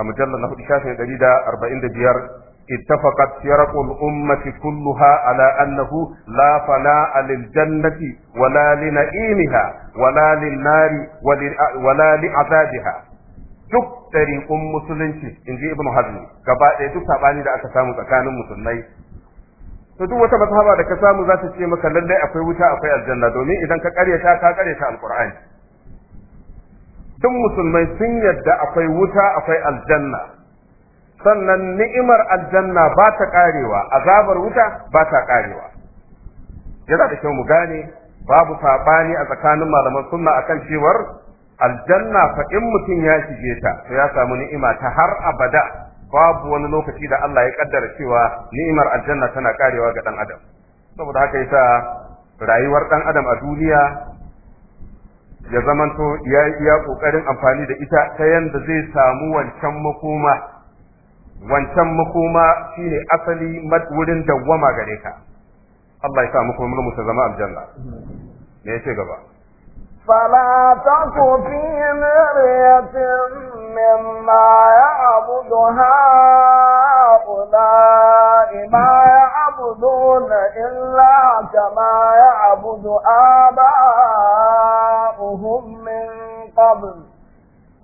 a mujallal na hudu shafin ɗari da arba'in da biyar اتفقت فرق الأمة كلها على أنه لا فناء للجنة ولا لنعيمها ولا للنار ولا لعذابها duk ɗariƙun musulunci in ji ibn hazmi gaba ɗaya duk saɓani da aka samu tsakanin musulmai to duk wata mazhaba da ka samu za ta ce maka lallai akwai wuta akwai aljanna domin idan ka karyata ka karyata alqur'ani duk musulmai sun yadda akwai wuta akwai aljanna sannan ni'imar aljanna ba ta karewa azabar wuta ba ta karewa yana da kyau mu gane babu sabani a tsakanin malaman sunna akan cewar aljanna fa in mutum ya shige ta to ya samu ni'ima ta har abada babu wani lokaci da Allah ya kaddara cewa ni'imar aljanna tana karewa ga dan adam saboda haka yasa rayuwar dan adam a duniya ya zamanto ya iya kokarin amfani da ita ta yanda zai samu wancan makoma wancan makoma shine asali wurin dawwama gare ka Allah ya sa mu kuma mu zama aljanna me yace gaba فلا تك في مرية مما يعبد هؤلاء ما يعبدون إلا كما يعبد آباؤهم من قبل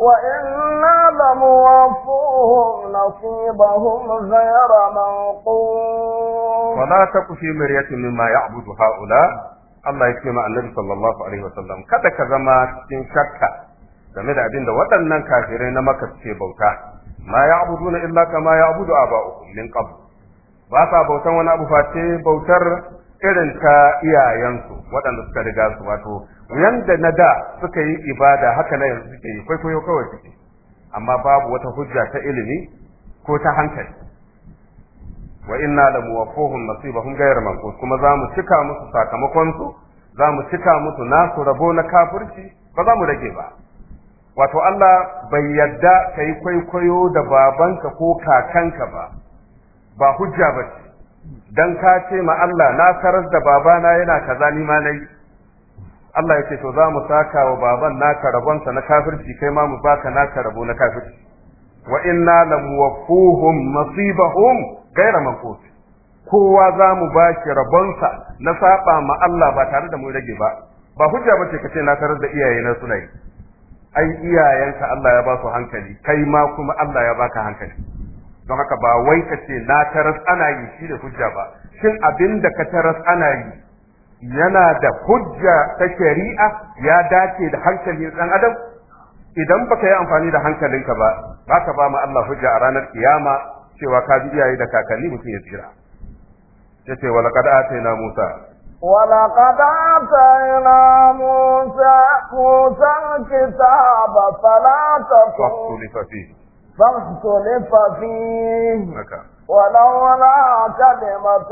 وإنا لموفوهم نصيبهم غير منقوص ولا تك في مرية مما يعبد هؤلاء الله يكرم النبي صلى الله عليه وسلم كذا كذا ما تنشكك game da abin da waɗannan kafirai na maka suke bauta ma ya'buduna illa kama ba uku, min qabl ba sa bautan wani abu face bautar irin ta iyayensu waɗanda suka riga su wato yanda na da suka yi ibada haka na yanzu suke yi kwaikwayo kawai suke amma babu wata hujja ta ilimi ko ta hankali wa inna la muwaffuhum nasibahum ghayra manqus kuma za mu cika musu sakamakon su za mu cika musu nasu rabo na kafirci ba za mu rage ba wato Allah bai yarda ka yi kwaikwayo da babanka ko kakanka ba ba hujja ba ce dan ka ce ma Allah na karar da babana yana kaza ni ma nayi Allah yake to za mu saka wa baban naka rabonsa na kafirci kai ma mu baka naka rabo na kafirci wa inna lamuwaffuhum nasibahum gaira manqus kowa za mu ba shi rabonsa na saba ma Allah ba tare da mu rage ba ba hujja ba bace ka ce na karar da iyaye na suna ai iyayenka Allah ya ba su hankali kai ma kuma Allah ya baka hankali don haka ba wai ka ce na taras ana yi shi da hujja ba shin abin da ka taras ana yi yana da hujja ta shari'a ya dace da hankalin dan adam idan baka yi amfani da hankalinka ba baka ba mu Allah hujja a ranar kiyama cewa ka bi iyaye da kakanni mutum ya tsira ce wa laqad atayna Musa ولقد آتينا موسى موسى الكتاب فلا تكن فاختلف فيه فاختلف فيه ولولا كلمة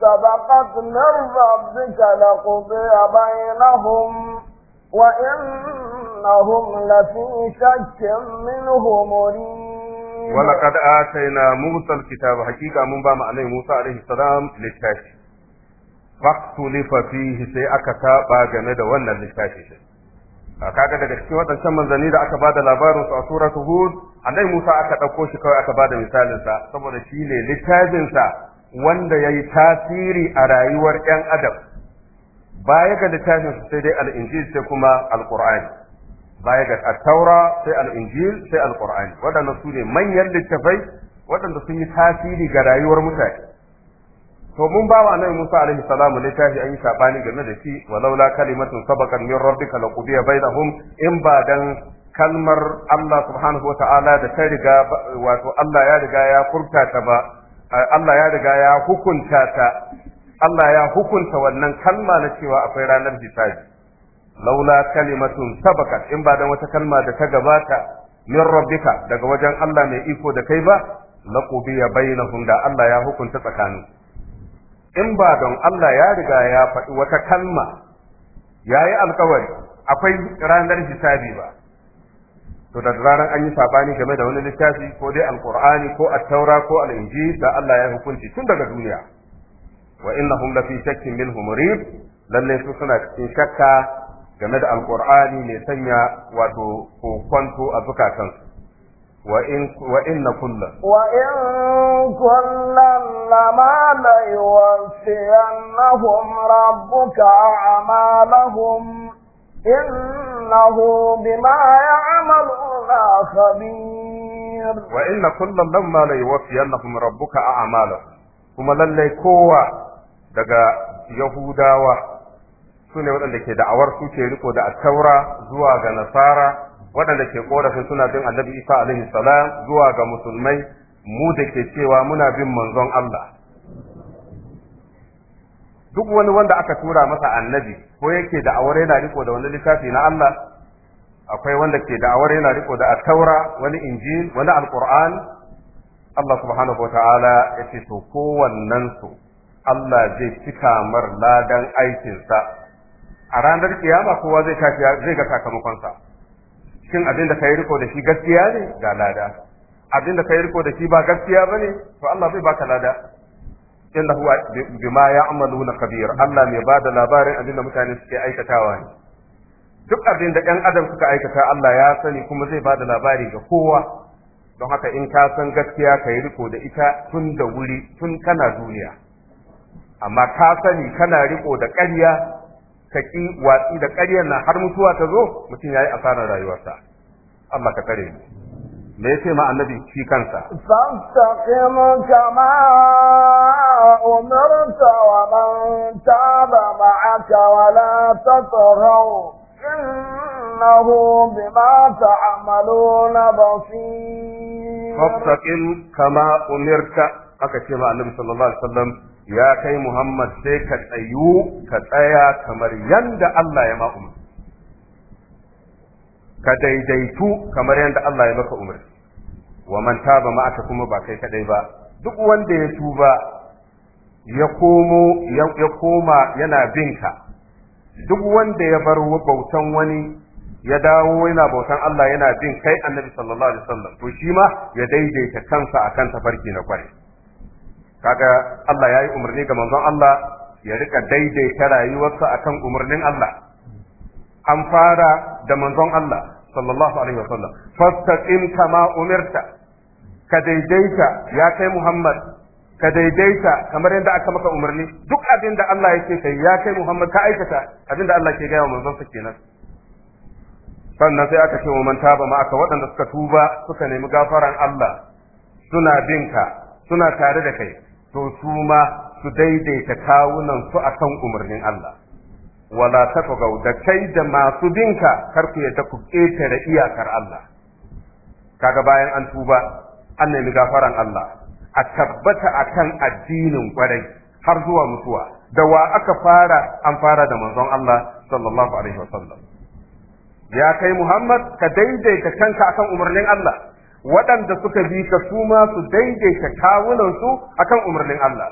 سبقت من ربك لقضي بينهم وإنهم لفي شك منه مريب ولقد آتينا موسى الكتاب حقيقة من بام عليه موسى عليه السلام للتاشي faktulifa fihi sai aka saba game da wannan littafi din ah, kaga daga cikin waɗancan manzanni da aka bada labarin su a suratu hud annabi Musa aka ɗauko shi kawai aka bada misalin sa saboda shi ne littafin sa wanda yayi tasiri a rayuwar ƴan adam baya ga littafin sai dai al-injil sai kuma al-qur'ani baya ga at-taura sai al-injil sai al-qur'ani waɗannan su ne manyan littafai waɗanda sun yi tasiri ga rayuwar mutane to mun ba wa annabi Musa alaihi salamu littafi an yi sabani game da shi walaula kalimatu sabaqan min rabbika qudiya bainahum in ba dan kalmar Allah subhanahu wa ta'ala da ta riga wato Allah ya riga ya furta ta ba Allah ya riga ya hukunta ta Allah ya hukunta wannan kalma na cewa akwai ranar hisabi laula kalimatun sabaqat in ba dan wata kalma da ta gabata min rabbika daga wajen Allah mai iko da kai ba qudiya bainahum da Allah ya hukunta tsakanin in ba don Allah ya riga ya faɗi wata kalma ya yi alkawari akwai ranar hisabi ba to da ranar an yi sabani game da wani littafi ko dai alkur'ani ko attaura ko al'inji da Allah ya hukunci tun daga duniya wa innahum lafi shakkin minhu murib lalle su suna cikin shakka game da alkur'ani ne sanya wato kokwantu a zukatansu wa in na kula wa in na ma na siyan na hun rabuka a ma in na hun ma ya amalu na sabi wa in na kula na ma na siyan na hun rabuka a a kuma lallai kowa daga yahudawa su ne waɗanda ke da'awar suke riƙo da a zuwa ga nasara waɗanda ke korafin suna bin annabi isa alaihi salam zuwa ga musulmai mu da ke cewa muna bin manzon Allah duk wani wanda aka tura masa annabi ko yake da aure yana riko da wani littafi na Allah akwai wanda ke da aure yana riko da at-taura wani injil wani alquran Allah subhanahu wataala ya ce to kowannen su Allah zai ci mar ladan aikinsa a ranar kiyama kowa zai ga sakamakonsa. shin abin da kai riko da shi gaskiya ne ga lada abin da kai riko da shi ba gaskiya bane to Allah zai baka lada inna huwa bima ya'maluna kabir Allah mai bada labarin abin da mutane suke aikatawa ne duk abin da ɗan adam suka aikata Allah ya sani kuma zai ba da labari ga kowa don haka in ka san gaskiya kayi riko da ita tun da wuri tun kana duniya amma ka sani kana riko da ƙarya ka watsi da ƙaryar na har mutuwa ta zo mutum ya yi asarar rayuwarsa Allah ka kare Me me yace ma annabi shi kansa fastaqim kama umirta wa man taba ma'aka wa la tatrahu innahu bima ta'maluna basir fastaqim kama umirta aka ce ma annabi sallallahu alaihi wasallam ya kai Muhammad sai ka tsayu ka tsaya kamar yanda Allah ya ma umar ka daidaitu kamar yanda Allah ya maka umar wa man taba ma'aka kuma ba kai kadai ba duk wanda ya tuba ya komo ya koma yana binka duk wanda ya bar bautan wani ya dawo yana bautan Allah yana bin kai annabi sallallahu alaihi wasallam to shi ma ya daidaita kansa akan tafarki na kwarai kaga Allah ya yi umarni ga manzon Allah ya rika daidaita rayuwarsa akan umarnin Allah an fara da manzon Allah sallallahu alaihi wa wasallam fastaqim kama umirta ka daidaita ya kai Muhammad ka daidaita kamar yadda aka maka umarni duk abin da Allah yake kai ya kai Muhammad ka aikata abin da Allah ke gaya wa manzon sa kenan sannan sai aka ce wa manta taba ma aka waɗanda suka tuba suka nemi gafaran Allah suna binka suna tare da kai to su ma su daidaita kawunan su akan umarnin Allah wala ta fagau da kai da masu binka kar ku ta ku ƙetare iyakar Allah kaga bayan an tuba an nemi gafaran Allah a tabbata a kan addinin kwarai har zuwa mutuwa da wa aka fara an fara da manzon Allah sallallahu alaihi wasallam ya kai Muhammad ka daidaita kanka akan umarnin Allah waɗanda suka bi ka su ma su daidaita kawunansu akan umarnin Allah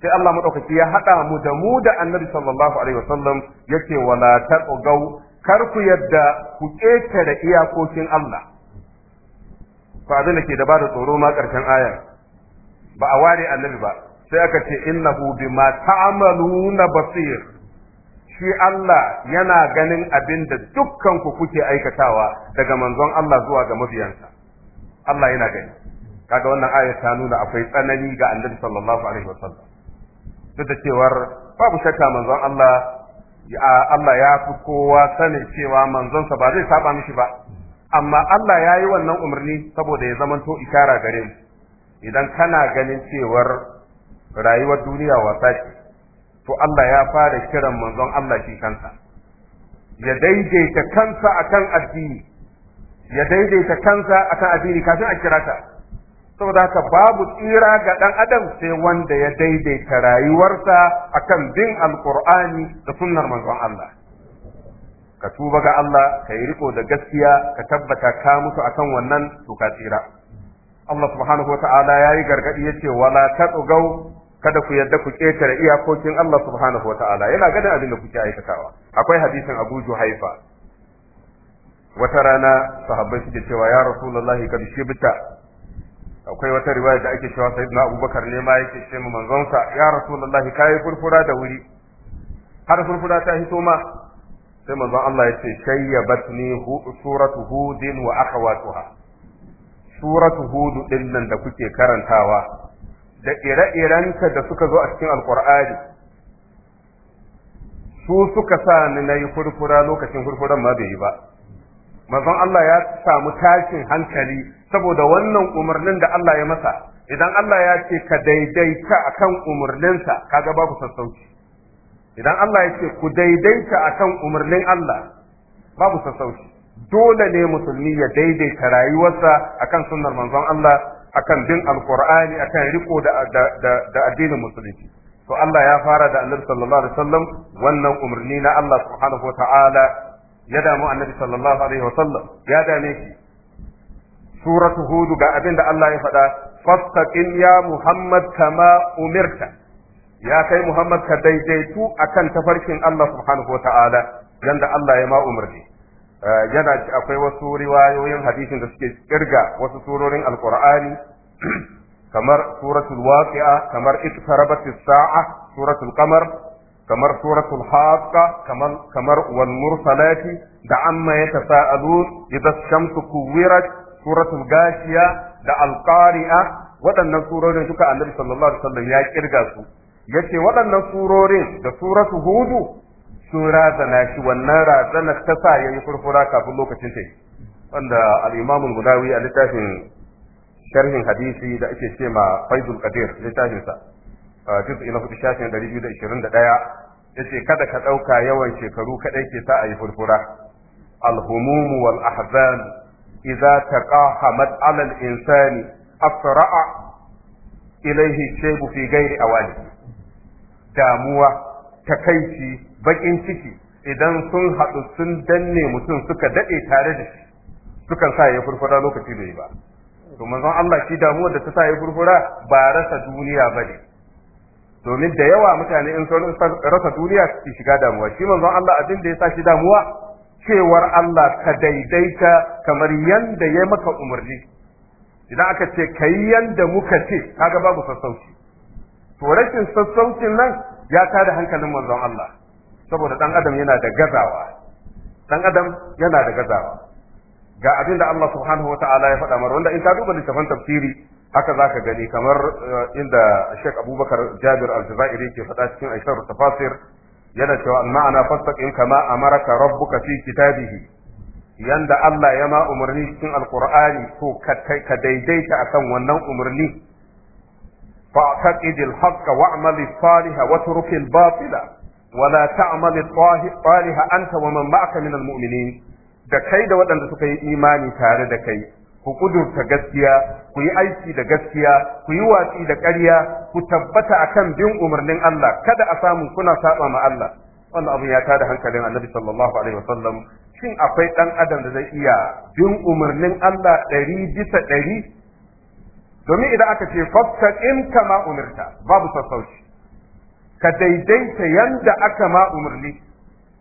sai Allah madaukaki ya haɗa mu da mu da Annabi sallallahu alaihi wasallam yake wala taqaw kar ku yadda ku ƙetare iyakokin Allah ko abin da ke da bada tsoro ma karshen aya ba a ware annabi ba sai aka ce innahu bima ta'maluna basir shi Allah yana ganin abin da dukkan ku kuke aikatawa daga manzon Allah zuwa ga mabiyansa Allah yana gani kaga wannan aya ta nuna akwai tsanani ga annabi sallallahu alaihi wasallam duk da cewar babu shakka manzon Allah ya Allah ya fi kowa sani cewa manzonsa ba zai saba mishi ba amma Allah ya yi wannan umarni saboda ya zamanto ikara gare mu idan kana ganin cewar rayuwar duniya wasa ce to Allah ya fara kiran manzon Allah shi kansa ya daidaita kansa akan addini ya daidaita kansa akan addini kafin a kira ta saboda haka babu tsira ga ɗan adam sai wanda ya daidaita rayuwarsa akan bin alƙur'ani da sunnar manzon Allah ka tuba ga Allah ka yi riko da gaskiya ka tabbata ka mutu akan wannan to ka tsira Allah subhanahu wa ta'ala ya gargaɗi gargadi ce wala ta tsugau, kada ku yadda ku ƙetare iyakokin Allah subhanahu wa ta'ala yana ganin abin da kuke aikatawa akwai hadisin Abu Juhaifa wata rana sahabbai suke cewa ya rasulullahi kad shibta akwai wata riwaya da ake cewa na abubakar ne ma yake ce mu manzonsa ya rasulullahi kai furfura da wuri har furfura ta hito ma sai manzon Allah ya ce shayyabatni suratu hudin wa akhawatuha suratu hud din nan da kuke karantawa da ire-irenta da suka zo a cikin alqur'ani su suka sa ni nayi furfura lokacin furfuran ma bai yi ba manzon Allah ya samu tashin hankali saboda wannan umarnin da Allah ya masa idan Allah ya ce ka daidaita akan umarninsa kaga babu sassauci idan Allah ya ce ku daidaita akan umarnin Allah babu sassauci dole ne musulmi ya daidaita rayuwarsa akan sunnar manzon Allah akan bin alqur'ani akan riko da da addinin musulunci to Allah ya fara da Annabi sallallahu alaihi wasallam wannan umarni na Allah subhanahu wataala ya damu annabi sallallahu alaihi wasallam ya dame shi suratu hudu ga abin da Allah ya faɗa fastaqim ya muhammad kama umirta ya kai muhammad ka daidaitu akan tafarkin Allah subhanahu wataala yanda Allah ya ma umarni eh, yana akwai wasu riwayoyin hadisin da suke kirga wasu surorin alqur'ani kamar suratul waqi'a kamar iqtarabat as-sa'a suratul qamar kamar suratul haqqa kamar kamar wal mursalati da amma yatasaalun idza shamsu kuwirat suratul gashiya da al qari'a waɗannan surorin duka annabi sallallahu alaihi wasallam ya kirga su yace waɗannan surori da suratu hudu sun razana shi wannan razanar ta sa yayi furfura kafin lokacin ta wanda al-imam al a littafin sharhin hadisi da ake ce ma faizul qadir littafin sa juz'i na hudu shafin ya ce kada ka ɗauka yawan shekaru kaɗai ke sa a yi furfura alhumumu wal ahzan idza taqahamat ala al-insani asra'a ilayhi shaybu fi ghairi awali damuwa takaici bakin ciki idan sun haɗu sun danne mutum suka daɗe tare da shi sukan sa ya furfura lokaci bai ba to manzon Allah shi damuwar da ta sa ya furfura ba rasa duniya bane domin da yawa mutane in sun rasa duniya su shiga damuwa shi manzon Allah abin da ya sa shi damuwa cewar Allah ka daidaita kamar yanda ya maka umarni idan aka ce kai yanda muka ce kaga babu sassauci to rashin sassaucin nan ya tada hankalin manzon Allah saboda dan adam yana da gazawa dan adam yana da gazawa ga abin da Allah subhanahu wa ya faɗa mara wanda in ka duba littafin tafsiri haka za ka gani kamar eh, inda shek Abubakar Jabir Al-Jazairi ke faɗa cikin Aishar Tafasir yana cewa ma'ana fastaqim kama amaraka rabbuka fi kitabihi yanda Allah ya ma umarni cikin Alqur'ani to ka daidaita akan wannan umarni فاعتقد الحق واعمل الصالح واترك الباطل ولا تعمل الصالح انت ومن معك من المؤمنين da kai da waɗanda suka yi imani tare da kai ku kudurta gaskiya ku yi aiki da gaskiya ku yi watsi da ƙarya ku tabbata akan bin umarnin Allah kada a samu kuna saba ma Allah wannan abin ya tada hankalin annabi sallallahu alaihi wasallam shin akwai dan adam da zai iya bin umarnin Allah ɗari bisa ɗari domin idan aka ce in kama umarta, babu sassauci ka daidaita yanda aka ma umarni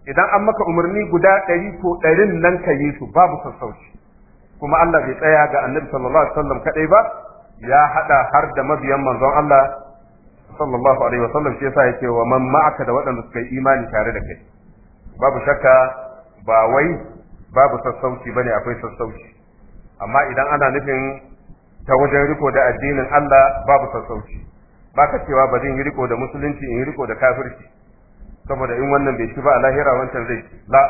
idan an maka umarni guda ɗari ko ɗarin nan ka yi su babu sassauci kuma Allah bai tsaya ga annabi sallallahu alaihi wasallam kadai ba ya hada har da mabiyan manzon Allah sallallahu alaihi wasallam shi yasa yake wa man ma'aka da waɗanda suka yi imani tare da kai babu shakka ba wai babu sassauci bane akwai sassauci amma idan ana nufin ta wajen riko da addinin Allah babu sassauci baka cewa ba zan yi riko da musulunci in yi riko da kafirci saboda in wannan bai ci ba a lahira wancan zai la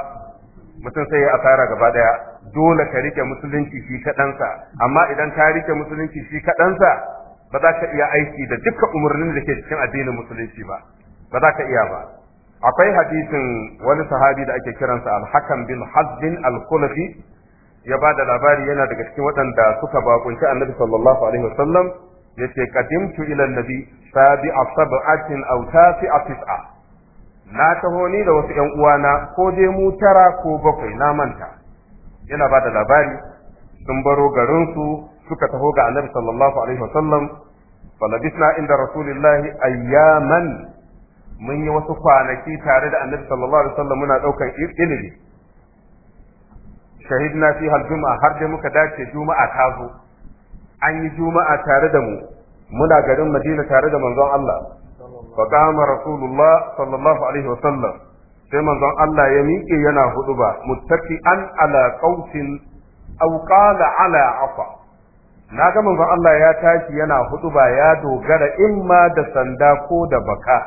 mutum sai ya asara gaba daya dole ka rike musulunci shi kaɗansa amma idan ka rike musulunci shi kaɗansa ba za ka iya aiki da dukkan umarnin da ke cikin addinin musulunci ba ba za ka iya ba akwai hadisin wani sahabi da ake kiransa alhakan bin hazzin al ya ba da labari yana daga cikin waɗanda suka bakunci annabi sallallahu alaihi wasallam yace qadimtu ila annabi sabi'a sab'atin aw tasi'a tis'a na taho ni da wasu ƴan uwana ko dai mu tara ko bakwai na manta yana ba da labari sun baro garinsu suka taho ga annabi sallallahu alaihi wasallam falabisna inda rasulillahi ayyaman mun yi wasu kwanaki tare da annabi sallallahu alaihi wasallam muna daukan ilimi shahidna fi hal juma'a har da muka dace juma'a ta zo an yi juma'a tare da mu muna garin madina tare da manzon Allah fa qama rasulullah sallallahu alaihi wasallam sai manzon Allah ya miƙe yana huduba muttaqian ala qausin aw qala ala afa na ga manzon Allah ya tashi yana huduba ya dogara imma da sanda ko da baka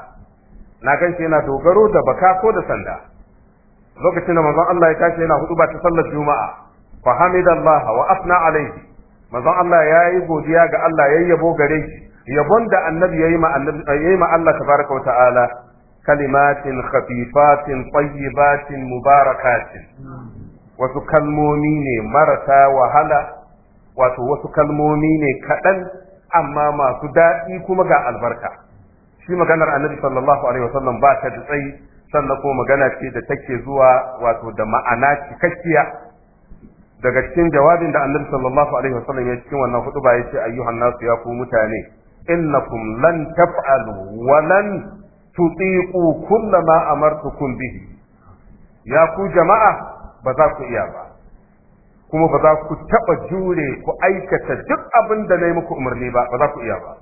na gan yana dogaro da baka ko da sanda lokacin da manzon Allah ya tashi yana huduba ta sallar juma'a fa hamidallaha wa asna alaihi manzon Allah ya yi godiya ga Allah yayyabo gare shi yabon da annabi yayi ma annabi yayi ma Allah wa ta'ala kalimatin khafifatin tayyibatin mubarakatin wasu kalmomi ne marasa wahala wato wasu kalmomi ne kaɗan amma masu daɗi kuma ga albarka shi maganar annabi sallallahu alaihi wasallam ba ta da tsayi sannan ko magana ce da take zuwa wato da ma'ana cikakkiya daga cikin jawabin da annabi sallallahu alaihi wasallam ya cikin wannan ba ya ce ayyuhan nasu ya ku mutane innakum lan taf'alu wa lan tutiqu kulla ma amartukum bihi ya ku jama'a ba za ku iya ba kuma ba za ku taba jure ku aikata duk abin da nayi muku umarni ba ba za ku iya ba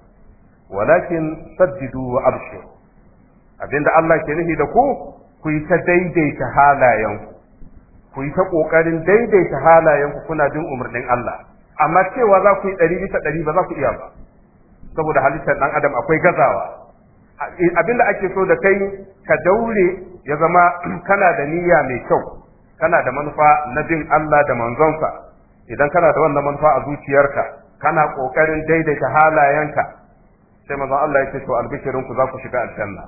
walakin saddidu wa abshiru abinda Allah ke nufi da ku kuyi ta daidaita halayenku ku ta ƙoƙarin daidaita halayenku kuna bin umarnin Allah amma cewa za ku ɗari bisa ɗari ba za ku iya ba saboda halittar ɗan adam akwai gazawa abin da ake so da kai ka daure ya zama kana da niyya mai kyau kana da manufa na bin Allah da manzonsa idan kana da wannan manufa a zuciyarka kana kokarin daidaita halayenka sai manzon Allah ya ce to ku za ku shiga aljanna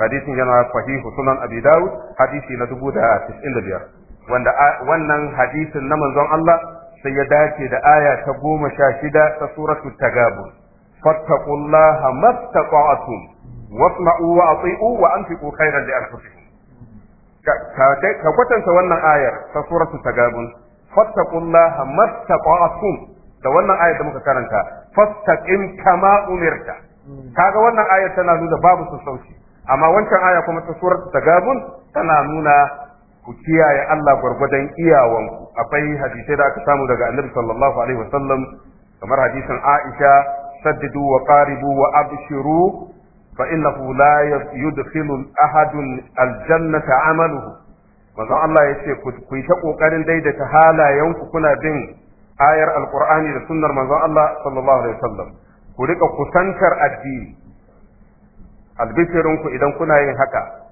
hadisin yana sahih sunan abi daud hadisi na dubu biyar wanda wannan hadisin na manzon Allah sai ya dace da aya ta goma sha shida ta suratul tagabun fattaqullaha mastaqatum wasma'u wa ati'u wa anfiqu khairan li anfusikum ka kwatanta wannan ayar ta suratul tagabun fattaqullaha mastaqatum da wannan ayar da muka karanta fastaqim kama umirta kaga wannan ayar tana nuna babu sauki amma wancan aya kuma ta suratul tagabun tana nuna ku kiyaye Allah gwargwadon iyawanku akwai hadisai da aka samu daga annabi sallallahu alaihi wasallam kamar hadisin Aisha saddidu wa qaribu wa abshiru fa innahu la yudkhilu ahadun aljannata amaluhu manzo Allah yace ku yi ta kokarin daidaita halayenku kuna bin ayar alqur'ani da sunnar manzo Allah sallallahu alaihi wasallam ku rika kusantar addini albishirinku idan kuna yin haka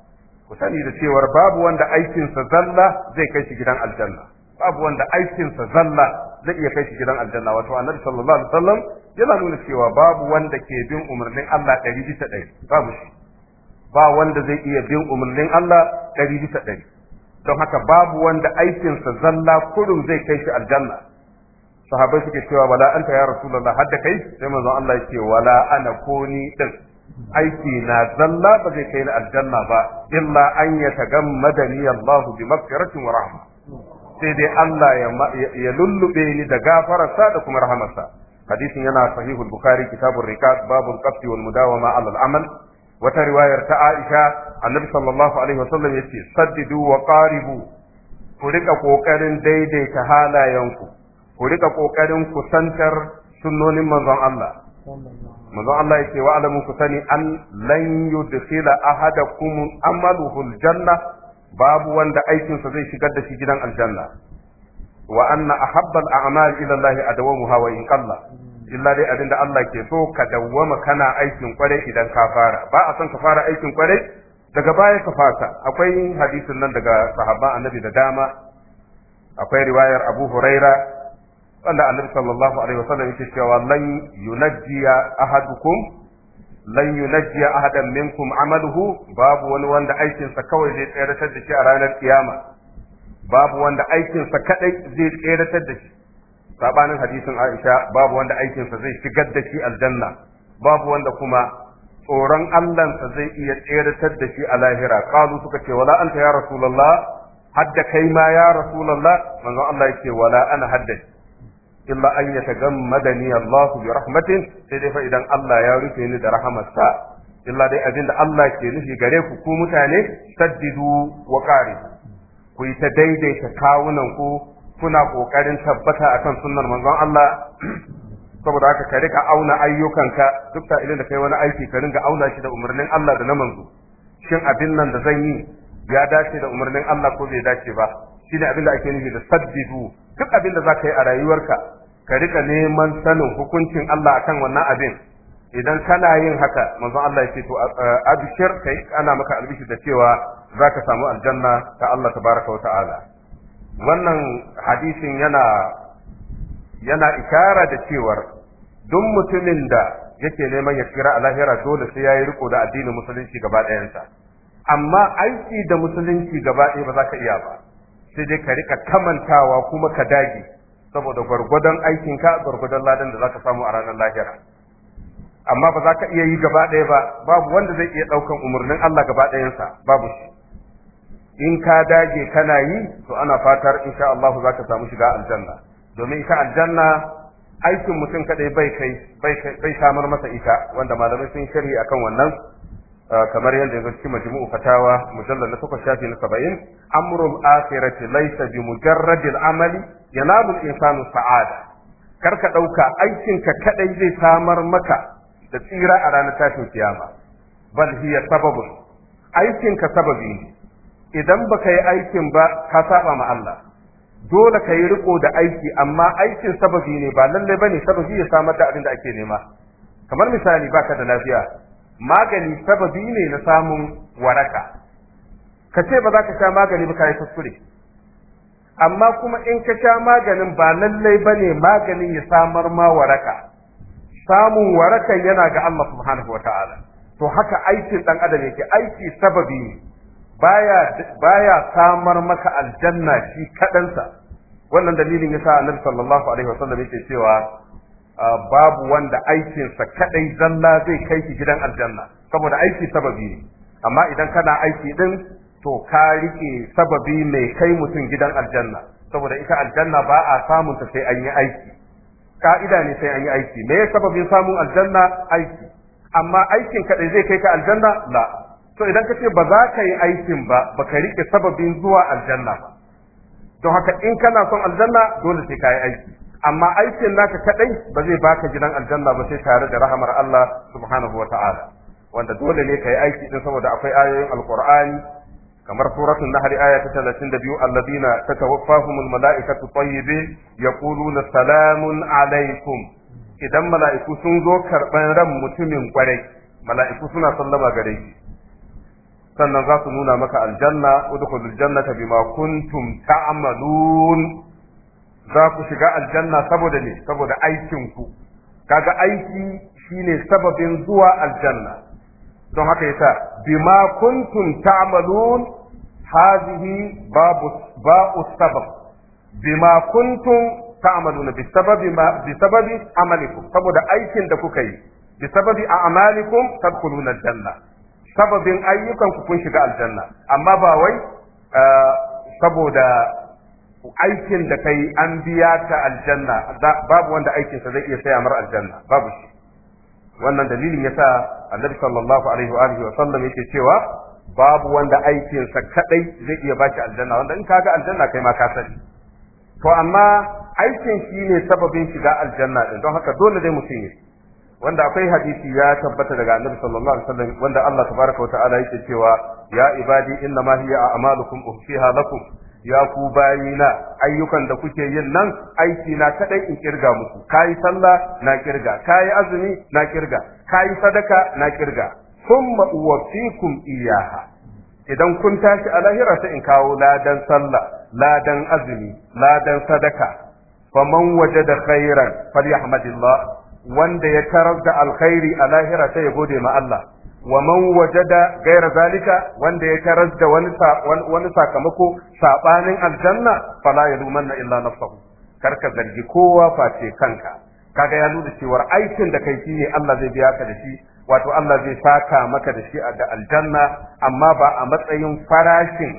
ku sani da cewar babu wanda aikinsa zalla zai kai shi gidan aljanna babu wanda aikinsa zalla zai iya kai shi gidan aljanna wato annabi sallallahu alaihi wasallam yana nuna cewa babu wanda ke bin umarnin Allah ɗari bisa ɗari babu shi ba wanda zai iya bin umarnin Allah ɗari bisa ɗari don haka babu wanda aikinsa zalla kurum zai kai shi aljanna sahabbai suke cewa wala anta ya rasulullah hadda kai sai manzon Allah yake wala ana ko ni din aiki na zalla ba zai kai ni aljanna ba illa an ya tagammada ni Allah bi maghfiratin wa rahma sai dai Allah ya lullube ni da gafararsa da kuma rahamarsa hadisin yana sahihu bukhari kitabur riqat babul qasdi wal mudawama ala al amal wata riwayar ta Aisha annabi sallallahu alaihi wasallam yace saddidu wa qaribu ku rika kokarin daidaita halayenku ku rika kokarin kusantar sunnonin manzon Allah manzo Allah yake wa alamu ku sani an lan yudkhila ahadakum amaluhu aljanna babu wanda aikin sa zai shigar da shi gidan aljanna wa anna ahabba al'amal ila Allah adawamuha wa in qalla illa dai abinda Allah ke so ka dawwama kana aikin kware idan ka fara ba a son ka fara aikin kware daga baya ka fasa akwai hadisin nan daga sahabba annabi da dama akwai riwayar Abu Huraira wanda annabi sallallahu alaihi wasallam yake cewa lan yunajjiya ahadukum lan yunajjiya ahadan minkum amaluhu babu wani wanda aikinsa kawai zai tseratar da shi a ranar kiyama babu wanda aikinsa kadai zai tseratar da shi sabanin hadisin Aisha babu wanda aikinsa zai shigar da shi aljanna babu wanda kuma tsoron Allahnsa zai iya tseratar da shi a lahira kalu suka ce wala anta ya rasulullah hadda kai ma ya rasulullah manzo Allah yake wala ana hadda illa an yatagammada Allah bi rahmatin sai dai fa idan Allah ya rufe ni da rahamarsa illa dai abinda Allah ke nufi gare ku ku mutane saddidu wa qari ku yi ta daidaita kawunan ku kuna kokarin tabbata akan sunnar manzon Allah saboda haka ka rika auna ayyukanka duk ta idan da kai wani aiki ka ringa auna shi da umarnin Allah da na manzo shin abin nan da zan yi ya dace da umarnin Allah ko bai dace ba shine abin da ake nufi da saddidu duk abin da zaka yi a rayuwarka ka rika neman sanin hukuncin Allah akan wannan abin idan kana yin haka manzon Allah ya ce to abshir kai ana maka albishi da cewa zaka samu aljanna ta Allah tabaraka wa ta'ala wannan hadisin yana yana ikara da cewar duk mutumin da yake neman ya tsira a lahira dole sai yayi riko da addinin musulunci gaba ɗayansa amma aiki da musulunci gaba ɗaya ba za ka iya ba sai dai ka rika kamantawa kuma ka dage saboda gwargwadon aikinka gwargwadon ladan da zaka samu a ranar lahira amma ba za ka iya yi gaba ɗaya ba babu wanda zai iya ɗaukan umarnin Allah gaba ɗayansa babu shi in ka dage kana yi to ana fatar insha Allah za ka samu shiga aljanna domin ita aljanna aikin mutum kaɗai bai kai bai samar masa ita wanda malamai sun sharhi akan wannan ah, kamar yadda yanzu cikin majmu'u fatawa mujallal na takwas shafi na saba'in amrul akhirati laysa bi mujarradil amali yanabul insanu sa'ada kar ka ɗauka aikinka kaɗai zai samar maka da tsira a ranar tashin kiyama bal hiya sababun aikinka sababi ne idan baka yi aikin ba ka saba ma Allah dole ka yi riko da aiki amma aikin sababi ne ba lalle bane sababi ya samar da abin da ake nema kamar misali baka da lafiya magani sababi ne na samun waraka ka ce ba za ka sha magani ba ka yi kuskure amma kuma in ka sha maganin ba lallai ba ne maganin ya samar ma waraka samun warakan yana ga Allah subhanahu wa ta'ala to haka aikin dan adam yake aiki sababi ne baya baya samar maka aljanna shi sa wannan dalilin yasa annabi sallallahu alaihi wasallam yake cewa babu wanda aikinsa kadai zalla zai kai ki gidan aljanna saboda aiki sababi ne amma idan kana aiki din to ka rike sababi mai kai mutum gidan aljanna saboda ita aljanna ba a samunta sai an yi aiki ka'ida ne sai an yi aiki me sababin samun aljanna aiki amma aikin kaɗai zai kai ka aljanna la to idan ka ce ba za ka yi aikin ba ba ka rike sababin zuwa aljanna ba don haka in kana son aljanna dole sai ka yi aiki amma aikin naka kaɗai ba zai baka gidan aljanna ba sai tare da rahamar Allah subhanahu wa ta'ala wanda dole ne ka yi aiki din saboda akwai ayoyin alqur'ani kamar suratul nahl aya ta 32 alladina tatawaffahumul malaikatu tayyibin yaquluna salamun alaikum idan mala'iku sun zo karban ran mutumin kwarai mala'iku suna sallama gare shi sannan za su nuna maka aljanna udkhulul jannata bima kuntum ta'malun za ku shiga aljanna saboda ne saboda aikin ku kaga aiki shine sababin zuwa aljanna don haka yasa bima kuntum ta'malun هذه باب باء السبب بما كنتم تعملون بسبب ما بسبب عملكم saboda aikin da kuka yi bisababi a'malikum tadkhuluna aljanna sababin ayyukan ku kun shiga aljanna amma ba wai saboda aikin da kai an biya ta aljanna babu wanda aikin sa zai iya saya mar aljanna babu shi wannan dalilin yasa annabi sallallahu alaihi wa alihi wa sallam yake cewa babu wanda aikinsa kadai zai iya baki aljanna wanda in kaga aljanna kai ma ka sani to amma aikin shi ne sababin shiga aljanna din don haka dole dai mutum ya wanda akwai hadisi ya tabbata daga annabi sallallahu alaihi wasallam wanda Allah tabaraka wa ta'ala yake cewa ya ibadi inna ma hiya a'malukum uhsiha lakum ya ku bayina ayyukan da kuke yin nan aiki na kadai in kirga muku kai sallah na kirga kai azumi na kirga kai sadaka na kirga thumma uwaffikum iyaha idan kun tashi a lahira sai in kawo ladan sallah ladan azumi ladan sadaka faman wajada khairan falyahmadillah wanda ya tarar da alkhairi a lahira sai ya gode ma Allah wa man wajada gaira zalika wanda ya tarar da wani sakamako saɓanin aljanna fala yalumanna illa nafsuhu karka zargi kowa face kanka kaga ya nuna cewar aikin da kai ne Allah zai biya ka da shi wato Allah zai saka maka da shi da aljanna amma ba a matsayin farashin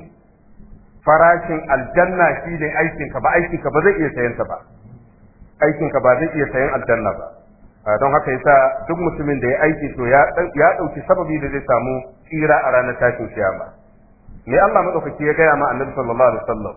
farashin aljanna shi ne aikinka ba aikinka ba zai iya sayan ta ba aikinka ba zai iya sayan aljanna ba don haka yasa duk mutumin da ya aiki to ya dauki sababi da zai samu tsira a ranar tashin kiyama me Allah madaukaki ya gaya ma annabi sallallahu alaihi wasallam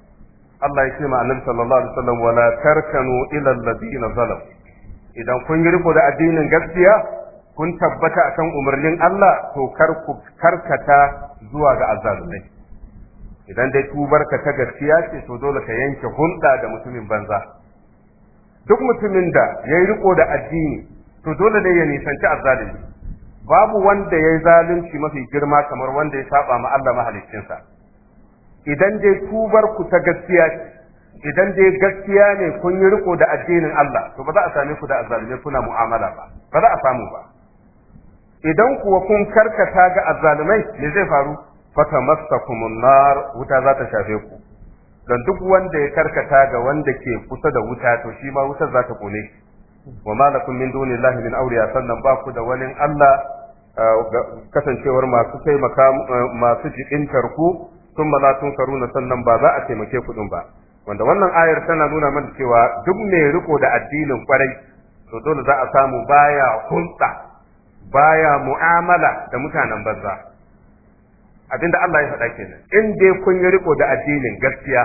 Allah ya ce ma annabi sallallahu alaihi wasallam wala tarkanu ila alladhina zalam idan kun yi riko da addinin gaskiya kun tabbata akan umarnin Allah to kar ku karkata zuwa ga azzalumai idan dai tubar ka ta gaskiya ce to dole ka yanke hulɗa da mutumin banza duk mutumin da ya yi riko da addini to dole ne ya nisanci azzalumi babu wanda ya yi zalunci mafi girma kamar wanda ya saba ma Allah mahaliccinsa idan dai tubar ku ta gaskiya ce idan dai gaskiya ne kun yi riko da addinin Allah to ba za a same ku da azzalumai kuna mu'amala ba ba za a samu ba idan kuwa kun karkata ga azzalumai me zai faru fatamassakumun nar wuta za ta shafe ku dan duk wanda ya karkata ga wanda ke kusa da wuta to shi ma wutar za ta kone wa malakum min dunillahi min awliya sannan ba ku da wani Allah uh, kasancewar masu taimaka uh, masu jikin ku thumma la na sannan ba za a taimake ku ba wanda wannan ayar tana nuna mana cewa duk mai riko da addinin kwarai to dole za a samu baya hulɗa baya mu'amala da mutanen banza abinda Allah ya faɗa kenan in dai kun yi riko da addinin gaskiya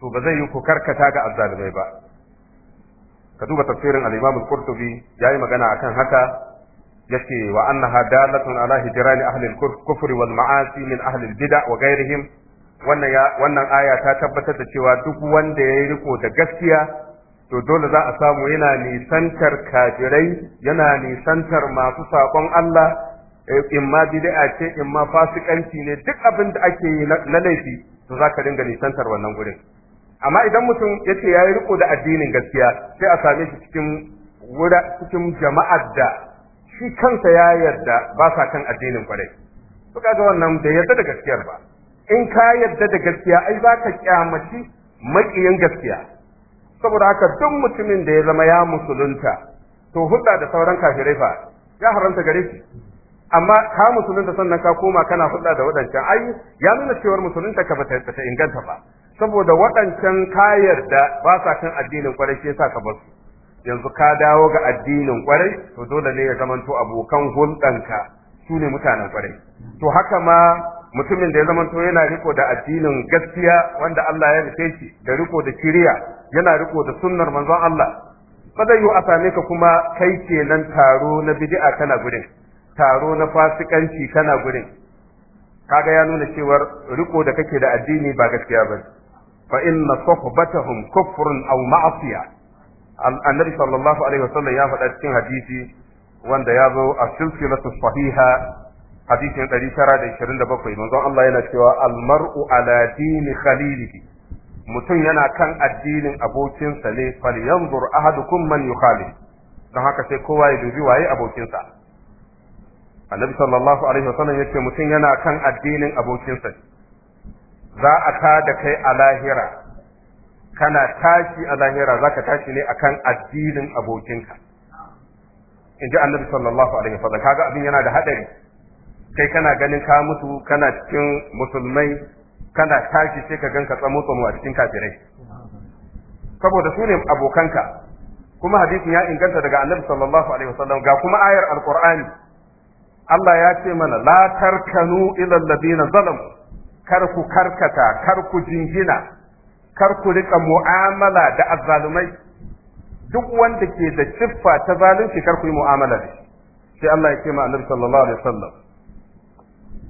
to ba zai yi ku karkata ga azzalumai ba ka duba tafsirin al-Imam al-Qurtubi yayi magana akan haka yace wa annaha dalatun ala hijrani ahli al-kufri wal ma'asi min ahli al-bid'a wa ghayrihim wannan ya wannan aya ta tabbatar da cewa duk wanda yayi riko da gaskiya to dole za a samu yana nisantar kafirai yana nisantar masu sakon Allah eh, in ma bid'a ce in ma fasikanci ne duk abin da ake yi na laifi to za dinga nisantar wannan gurin amma idan mutum yace yayi riko da addinin gaskiya sai a same shi cikin cikin jama'ar da shi kansa ya yarda ba sa kan addinin kwarai to kaga wannan da yarda da gaskiyar ba in ka yarda da gaskiya ai za ka kyamaci maƙiyin gaskiya saboda haka duk mutumin da ya zama ya musulunta to hudda da sauran kafirai fa ya haramta gare shi amma ka musulunta sannan ka koma kana hudda da waɗancan ai ya nuna cewar musulunta ka bata inganta ba saboda waɗancan ka yarda ba sa kan addinin kwarai shi yasa ka bar yanzu ka dawo ga addinin kwarai to dole ne ya zamanto abokan hulɗanka su ne mutanen kwarai to haka ma mutumin da ya zamanto yana riko da addinin gaskiya wanda Allah ya rufe shi da riko da shiriya yana riko da sunnar manzon Allah ba zai yi a same ka kuma kai kenan taro na bid'a kana gurin taro na fasikanci kana gurin kaga ya nuna cewar riko da kake da addini ba gaskiya ba fa inna suhbatahum kufrun aw ma'siyah annabi sallallahu alaihi wasallam ya faɗa cikin hadisi wanda ya zo a silsilatu sahiha da bakwai manzon Allah yana cewa almar'u ala dini khalilihi mutum yana kan addinin abokinsa ne falyanzur ahadukum man yukhalif don haka sai kowa ya dubi waye abokinsa annabi sallallahu alaihi wasallam yace mutum yana kan addinin abokinsa za a ta da kai a lahira kana tashi a lahira zaka tashi ne akan addinin abokinka in ji annabi sallallahu alaihi wasallam kaga abin yana da hadari kai kana ganin ka mutu kana cikin musulmai kana tashi sai ka ganka tsamo tsamo a cikin kafirai saboda su ne abokanka kuma hadisin ya inganta daga annabi sallallahu alaihi wasallam ga kuma ayar alqur'ani Allah ya ce mana la tarkanu ila alladhina zalamu kar ku karkata kar jingina kar ku riƙa mu'amala da azzalumai duk wanda ke da siffa ta zalunci kar ku yi mu'amala da shi sai Allah ya ce ma annabi sallallahu alaihi wasallam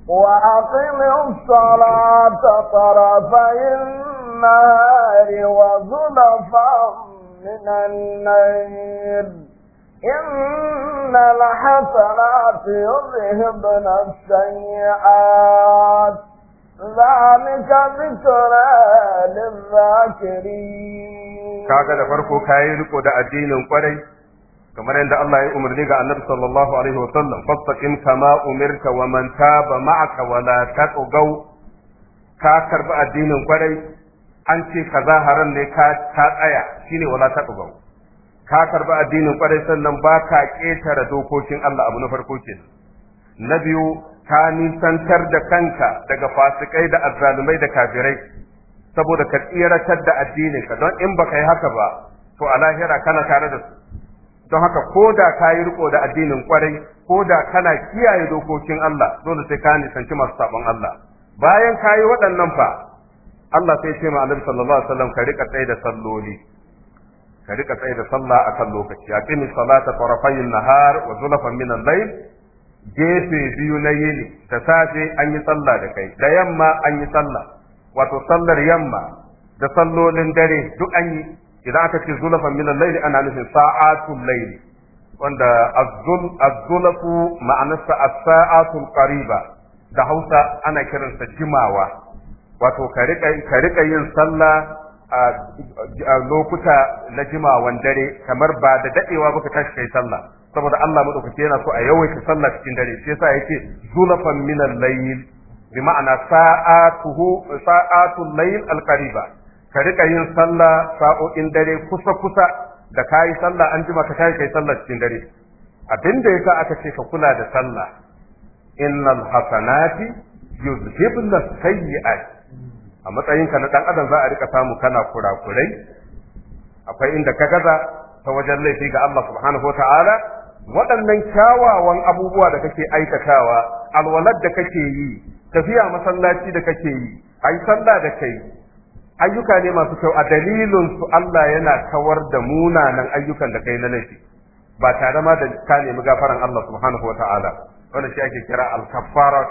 وأقموا salata طرفي النهار وزلفا من الليل إن الحسنات يذهبن السيئات ذلك ذكرى للذاكرين ga da farko kayi riko da addinin kwarai kamar yadda Allah ya umarni ga Annabi sallallahu alaihi wa sallam fastaqim kama umirta wa man taba ma'aka wa la taqaw ka karbi addinin kwarai an ce za haram ne ka ta tsaya shine wala taqaw ka karbi addinin kwarai sannan ba ka ketare dokokin Allah abu na farko ke. na biyu ka nisantar da kanka daga fasikai da azzalumai da kafirai saboda ka tsiratar da addinin ka don in baka yi haka ba to a lahira kana tare da su don haka ko da ka yi riko da addinin kwarai ko da kana kiyaye dokokin Allah dole sai ka nisanci masu sabon Allah bayan ka yi waɗannan fa Allah sai ce ma Annabi sallallahu alaihi wasallam ka rika tsaye da salloli ka rika tsaye da sallah akan lokaci aqimi salata tarafayn nahar wa zulafan min al gefe biyu na yini da safe an yi sallah da kai da yamma an yi sallah wato sallar yamma da sallolin dare duk an yi idan aka ce zulafan min al-layli ana nufin sa'atul layli wanda az-zulafu ma'anarsa as-sa'atul qariba da Hausa ana kiransa jimawa wato ka rika yin sallah a lokuta na jimawan dare kamar ba da dadewa ka tashi kai sallah saboda Allah madaukaki yana so a yawaita sallah cikin dare sai yasa yake zulafan min al-layl bi ma'ana sa'atuhu sa'atul layl al-qariba ka rika yin sallah sa'o'in dare kusa kusa da kayi sallah an jima ka kai kai sallah cikin dare abinda yasa aka ce ka kula da sallah innal hasanati yuzhibna sayyi'at a matsayinka na dan adam za a rika samu kana kurakurai akwai inda ka gaza ta wajen laifi ga Allah subhanahu wa ta'ala waɗannan kyawawan abubuwa da kake aikatawa alwalad da kake yi tafiya masallaci da kake yi ai sallah da kai ayyuka ne masu kyau a dalilin su Allah yana kawar da munanan ayyukan da kai na laifi ba tare ma da ka nemi gafaran Allah subhanahu wataala wannan shi ake kira al-kaffarat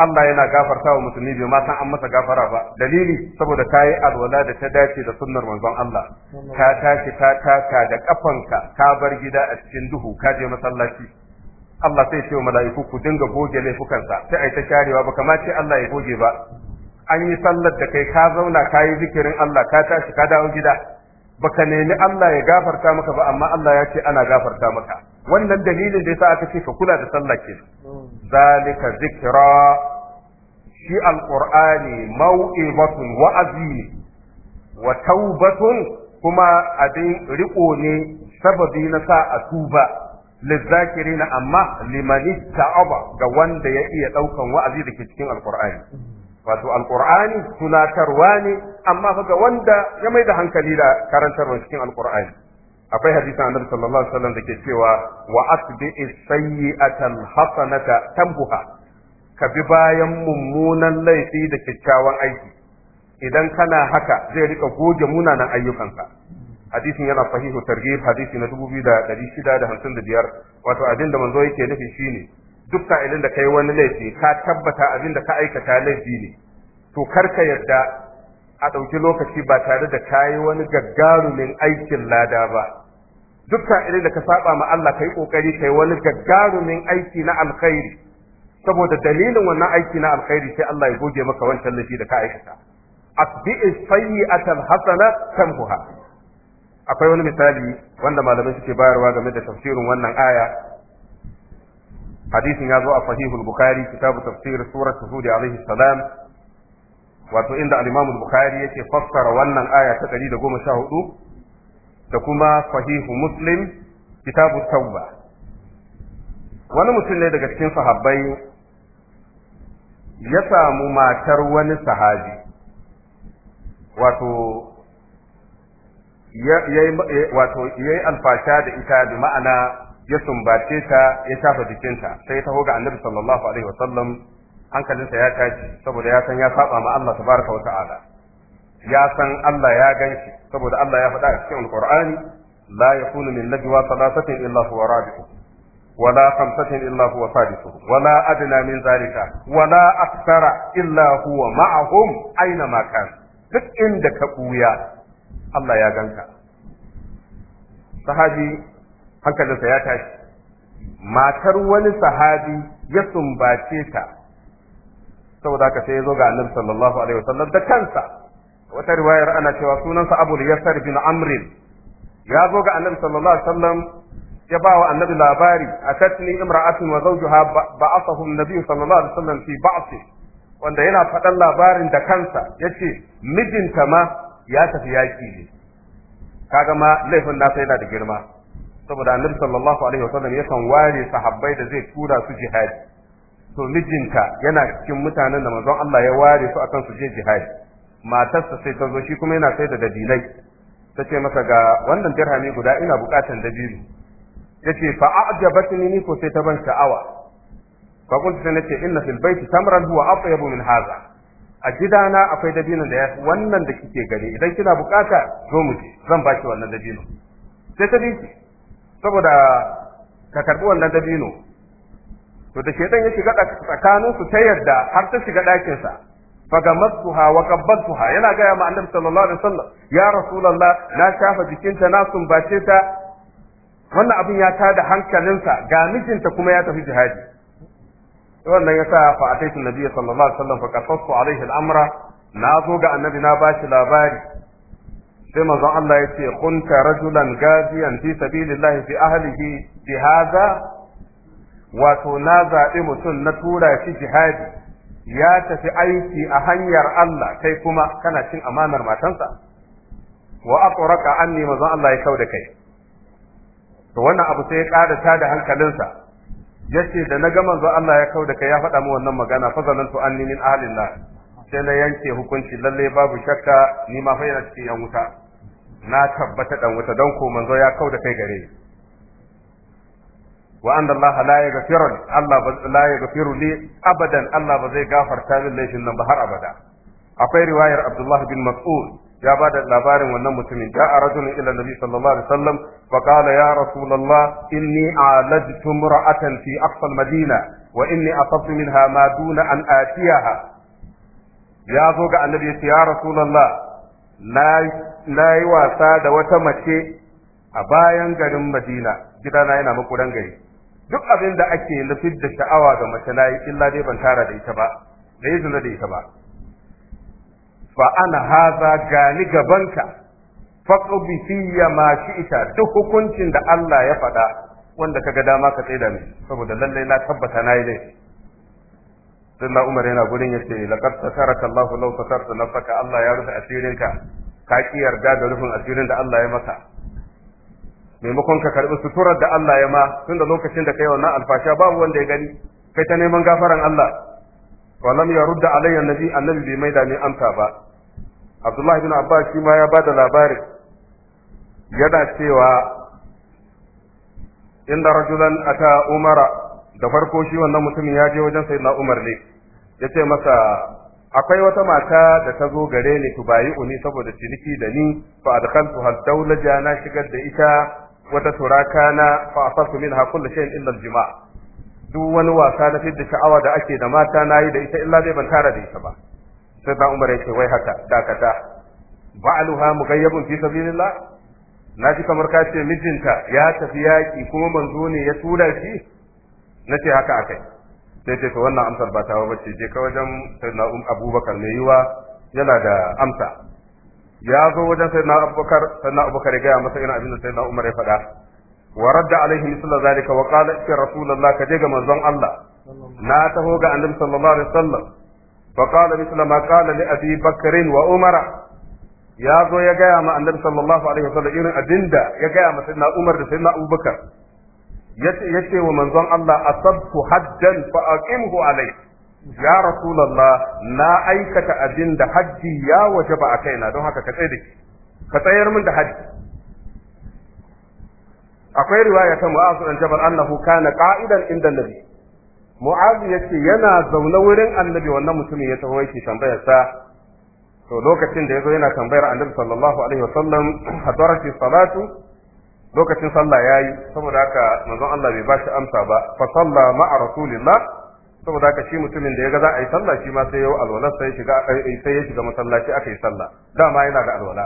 Allah yana gafarta wa musulmi bai ma san an masa gafara ba dalili saboda ta yi alwala da ta dace da sunnar manzon Allah ka tashi ka taka da kafanka ka bar gida a cikin duhu ka je masallaci Allah sai ce wa mala'iku ku dinga goge laifukansa sai ai ta karewa ba kamar ce Allah ya goge ba an yi sallar da kai ka zauna ka yi zikirin Allah ka tashi ka dawo gida baka nemi Allah ya gafarta maka ba amma Allah ya ce ana gafarta maka wannan dalilin da yasa aka ce ka kula da sallah ke zalika zikra shi alqur'ani wa wa'azi wa taubatun kuma abin riko ne sababi na sa a tuba lizakirina amma liman ga wanda ya iya daukan wa'azi da ke cikin alqur'ani wato alqur'ani tunatarwa ne amma fa ga wanda ya mai da hankali da karantarwa cikin alqur'ani akwai hadisin annabi sallallahu alaihi wasallam dake cewa wa asbi'i sayyi'ata alhasanata tambuha ka bi bayan mummunan laifi da kyakkyawan aiki idan kana haka zai rika goge munanan ayyukanka hadisin yana sahihu targhib hadisi na 2655 wato abin da manzo yake nufi shine duk idan da kai wani laifi ka tabbata abin da ka aikata laifi ne to karka yarda a ɗauki lokaci ba tare da kayi wani gaggarumin aikin lada ba duk idan da ka saba ma Allah kai kokari kai wani gaggarumin aiki na alkhairi saboda dalilin wannan aiki na alkhairi sai Allah ya goge maka wancan laifi da ka aikata asbi sayyi'atan hasana tamhuha akwai wani misali wanda malamai suke bayarwa game da tafsirin wannan aya hadisin ya zo a sahihul bukhari kitabu tafsir surat hud alaihi salam wato inda al-imam al-bukhari yake fassara wannan aya ta 114 da kuma sahihu muslim kitabu tauba wani mutum ne daga cikin sahabbai ya samu matar wani sahabi wato ya yi alfasha da ita da ma'ana ya sumbace ta ya shafa jikinta sai ta taho ga annabi sallallahu alaihi wa sallam hankalinsa ya tashi saboda ya san ya saba ma Allah tabaraka wa ta'ala ya san Allah ya ganshi saboda Allah ya faɗa a cikin Qur'ani la yakunu min najwa thalathatin illa huwa rabi'u ولا خمسة wa هو wala ولا min zalika, wala akthara illa huwa ma'ahum aina ma kan, duk inda ka buya Allah ya ganka sahabi hankalinsa ya tashi matar wani sahabi ya sumbace ta saboda haka sai ya zo ga annabi sallallahu alaihi wasallam da kansa wata riwayar ana cewa sunansa abul yasar bin amrin ya zo ga annabi sallallahu alaihi wasallam ya ba wa annabi labari atatni imra'atun wa zawjuha ba'athahu an-nabi sallallahu alaihi wasallam fi ba'thi wanda yana faɗan labarin da kansa yace mijinta ma ya tafi yaki ne kaga ma laifin nasa yana da girma saboda annabi sallallahu alaihi wasallam yakan ware sahabbai da zai tura su jihadi to mijinka yana cikin mutanen da manzon Allah ya ware su akan su je jihadi matarsa sai ta zo shi kuma yana sai da dalilai ta ce masa ga wannan dirhami guda ina bukatan dabiru. ya ce fa a'jabatni ni ko sai ta ban sha'awa fa kuntu sai nace inna fil baiti tamran huwa atyabu min hadha a gidana akwai dabino da ya wannan da kike gari idan kina bukata zo mu je zan baki wannan dabino sai ta dinki saboda ka karbi wannan dabino to da shedan ya shiga tsakanin su ta yadda har ta shiga ɗakin sa fagamattuha wa qabbaltuha yana gaya ma annabi sallallahu alaihi wasallam ya rasulullah na shafa jikinta na sumbace ta wannan abin ya tada hankalinsa ga mijinta kuma ya tafi jihadi wannan ya sa fa ataitu nabiyyi sallallahu alaihi wasallam fa qasastu alaihi al na zo ga annabi na bashi labari sai manzon Allah ya ce kunta rajulan gaziyan fi sabilillahi fi ahlihi bi wato na zaɓi mutum na tura shi jihadi ya tafi aiki a hanyar Allah kai kuma kana cin amanar matansa wa aqraka anni manzon Allah ya kauda kai to wannan abu sai ya ƙara da hankalinsa yace da na ga manzo Allah ya kauda kai ya faɗa mu wannan magana fa zanantu anni min ahlillah sai na yanke hukunci lalle babu shakka ni ma fa yana cikin yan wuta na tabbata dan wuta don ko manzo ya da kai gare ni wa anna Allah la yaghfiru Allah la yaghfiru li abadan Allah ba zai gafarta min laifin nan ba har abada akwai riwayar Abdullah bin Mas'ud ya bada labarin wannan mutumin da rajulun ila nabi sallallahu alaihi wasallam fa qala ya rasulullah inni alajtu imra'atan fi aqsa madina wa inni asabtu minha ma duna an atiyaha ya zo ga annabi ya rasulullah na na yi wasa da wata mace a bayan garin Madina gidana yana makudan gari duk abin da ake nufin da sha'awa ga mace na yi illa dai ban tara da ita ba da yi zina da ita ba fa ana haza gani gabanka faqbi fiyya ma isa duk hukuncin da Allah ya faɗa wanda kaga dama ka tsaida ne saboda lallai na tabbata na yi laifi sai Umar yana gurin yace laqad sataraka Allahu law satarta nafaka Allah ya rufe asirinka ka ki yarda da rufin asirin da Allah ya masa maimakon ka karbi suturar da Allah ya ma tun da lokacin da kai wannan alfasha babu wanda ya gani kai ta neman gafaran Allah walam ya rudda alayya nabi annabi bai maida ni amsa ba Abdullahi bin Abbas shi ma ya da labari yana cewa inda rajulan ata umara da farko shi wannan mutumin ya je wajen sayyidina Umar ne ya ce masa akwai wata mata da ta zo gare ni tu bayi uni saboda ciniki da ni fa adkhaltu hal dawlaja na shigar da ita wata turaka na fa asafu minha kullu shay'in illa al-jima duk wani wasa na fidda sha'awa da ake da mata nayi da ita illa dai ban tara da ita ba sai da Umar yake wai haka dakata ba'luha mughayyabun fi sabilillah na ji kamar ka ce mijinta ya tafi yaki kuma manzo ne ya tura shi nace haka akai sai ce to wannan amsar ba ta bace je ka wajen sayyidina abubakar mai yiwa yana da amsa ya zo wajen sayyidina abubakar sayyidina abubakar ya gaya masa irin abin da sayyidina umar ya faɗa wa radda alaihi misla zalika wa qala ya rasulullah ka je ga manzon Allah na taho ga annabi sallallahu alaihi wasallam fa qala misla ma qala li abi bakr wa umara ya zo ya gaya ma annabi sallallahu alaihi wasallam irin abinda ya gaya ma sayyidina umar da sayyidina abubakar yace wa manzon Allah asabtu haddan fa aqimhu alai ya rasulullah na aikata abin da hajji ya waje ba a kaina don haka ka tsaye da ka tsayar min da hajji. akwai riwaya ta Mu'az bin Jabal annahu kana qa'idan inda nabi Mu'az yace yana zaune wurin annabi wannan mutumin ya taho yake tambayar sa to lokacin da yazo yana tambayar annabi sallallahu alaihi wasallam hadarati salatu lokacin sallah ya yi saboda haka manzon Allah bai ba shi amsa ba fa salla ma'a rasulillah saboda haka shi mutumin da ya ga za a yi sallah shi ma sai ya alwala sai ya shiga eh, sai ya shiga masallaci aka yi sallah dama yana da alwala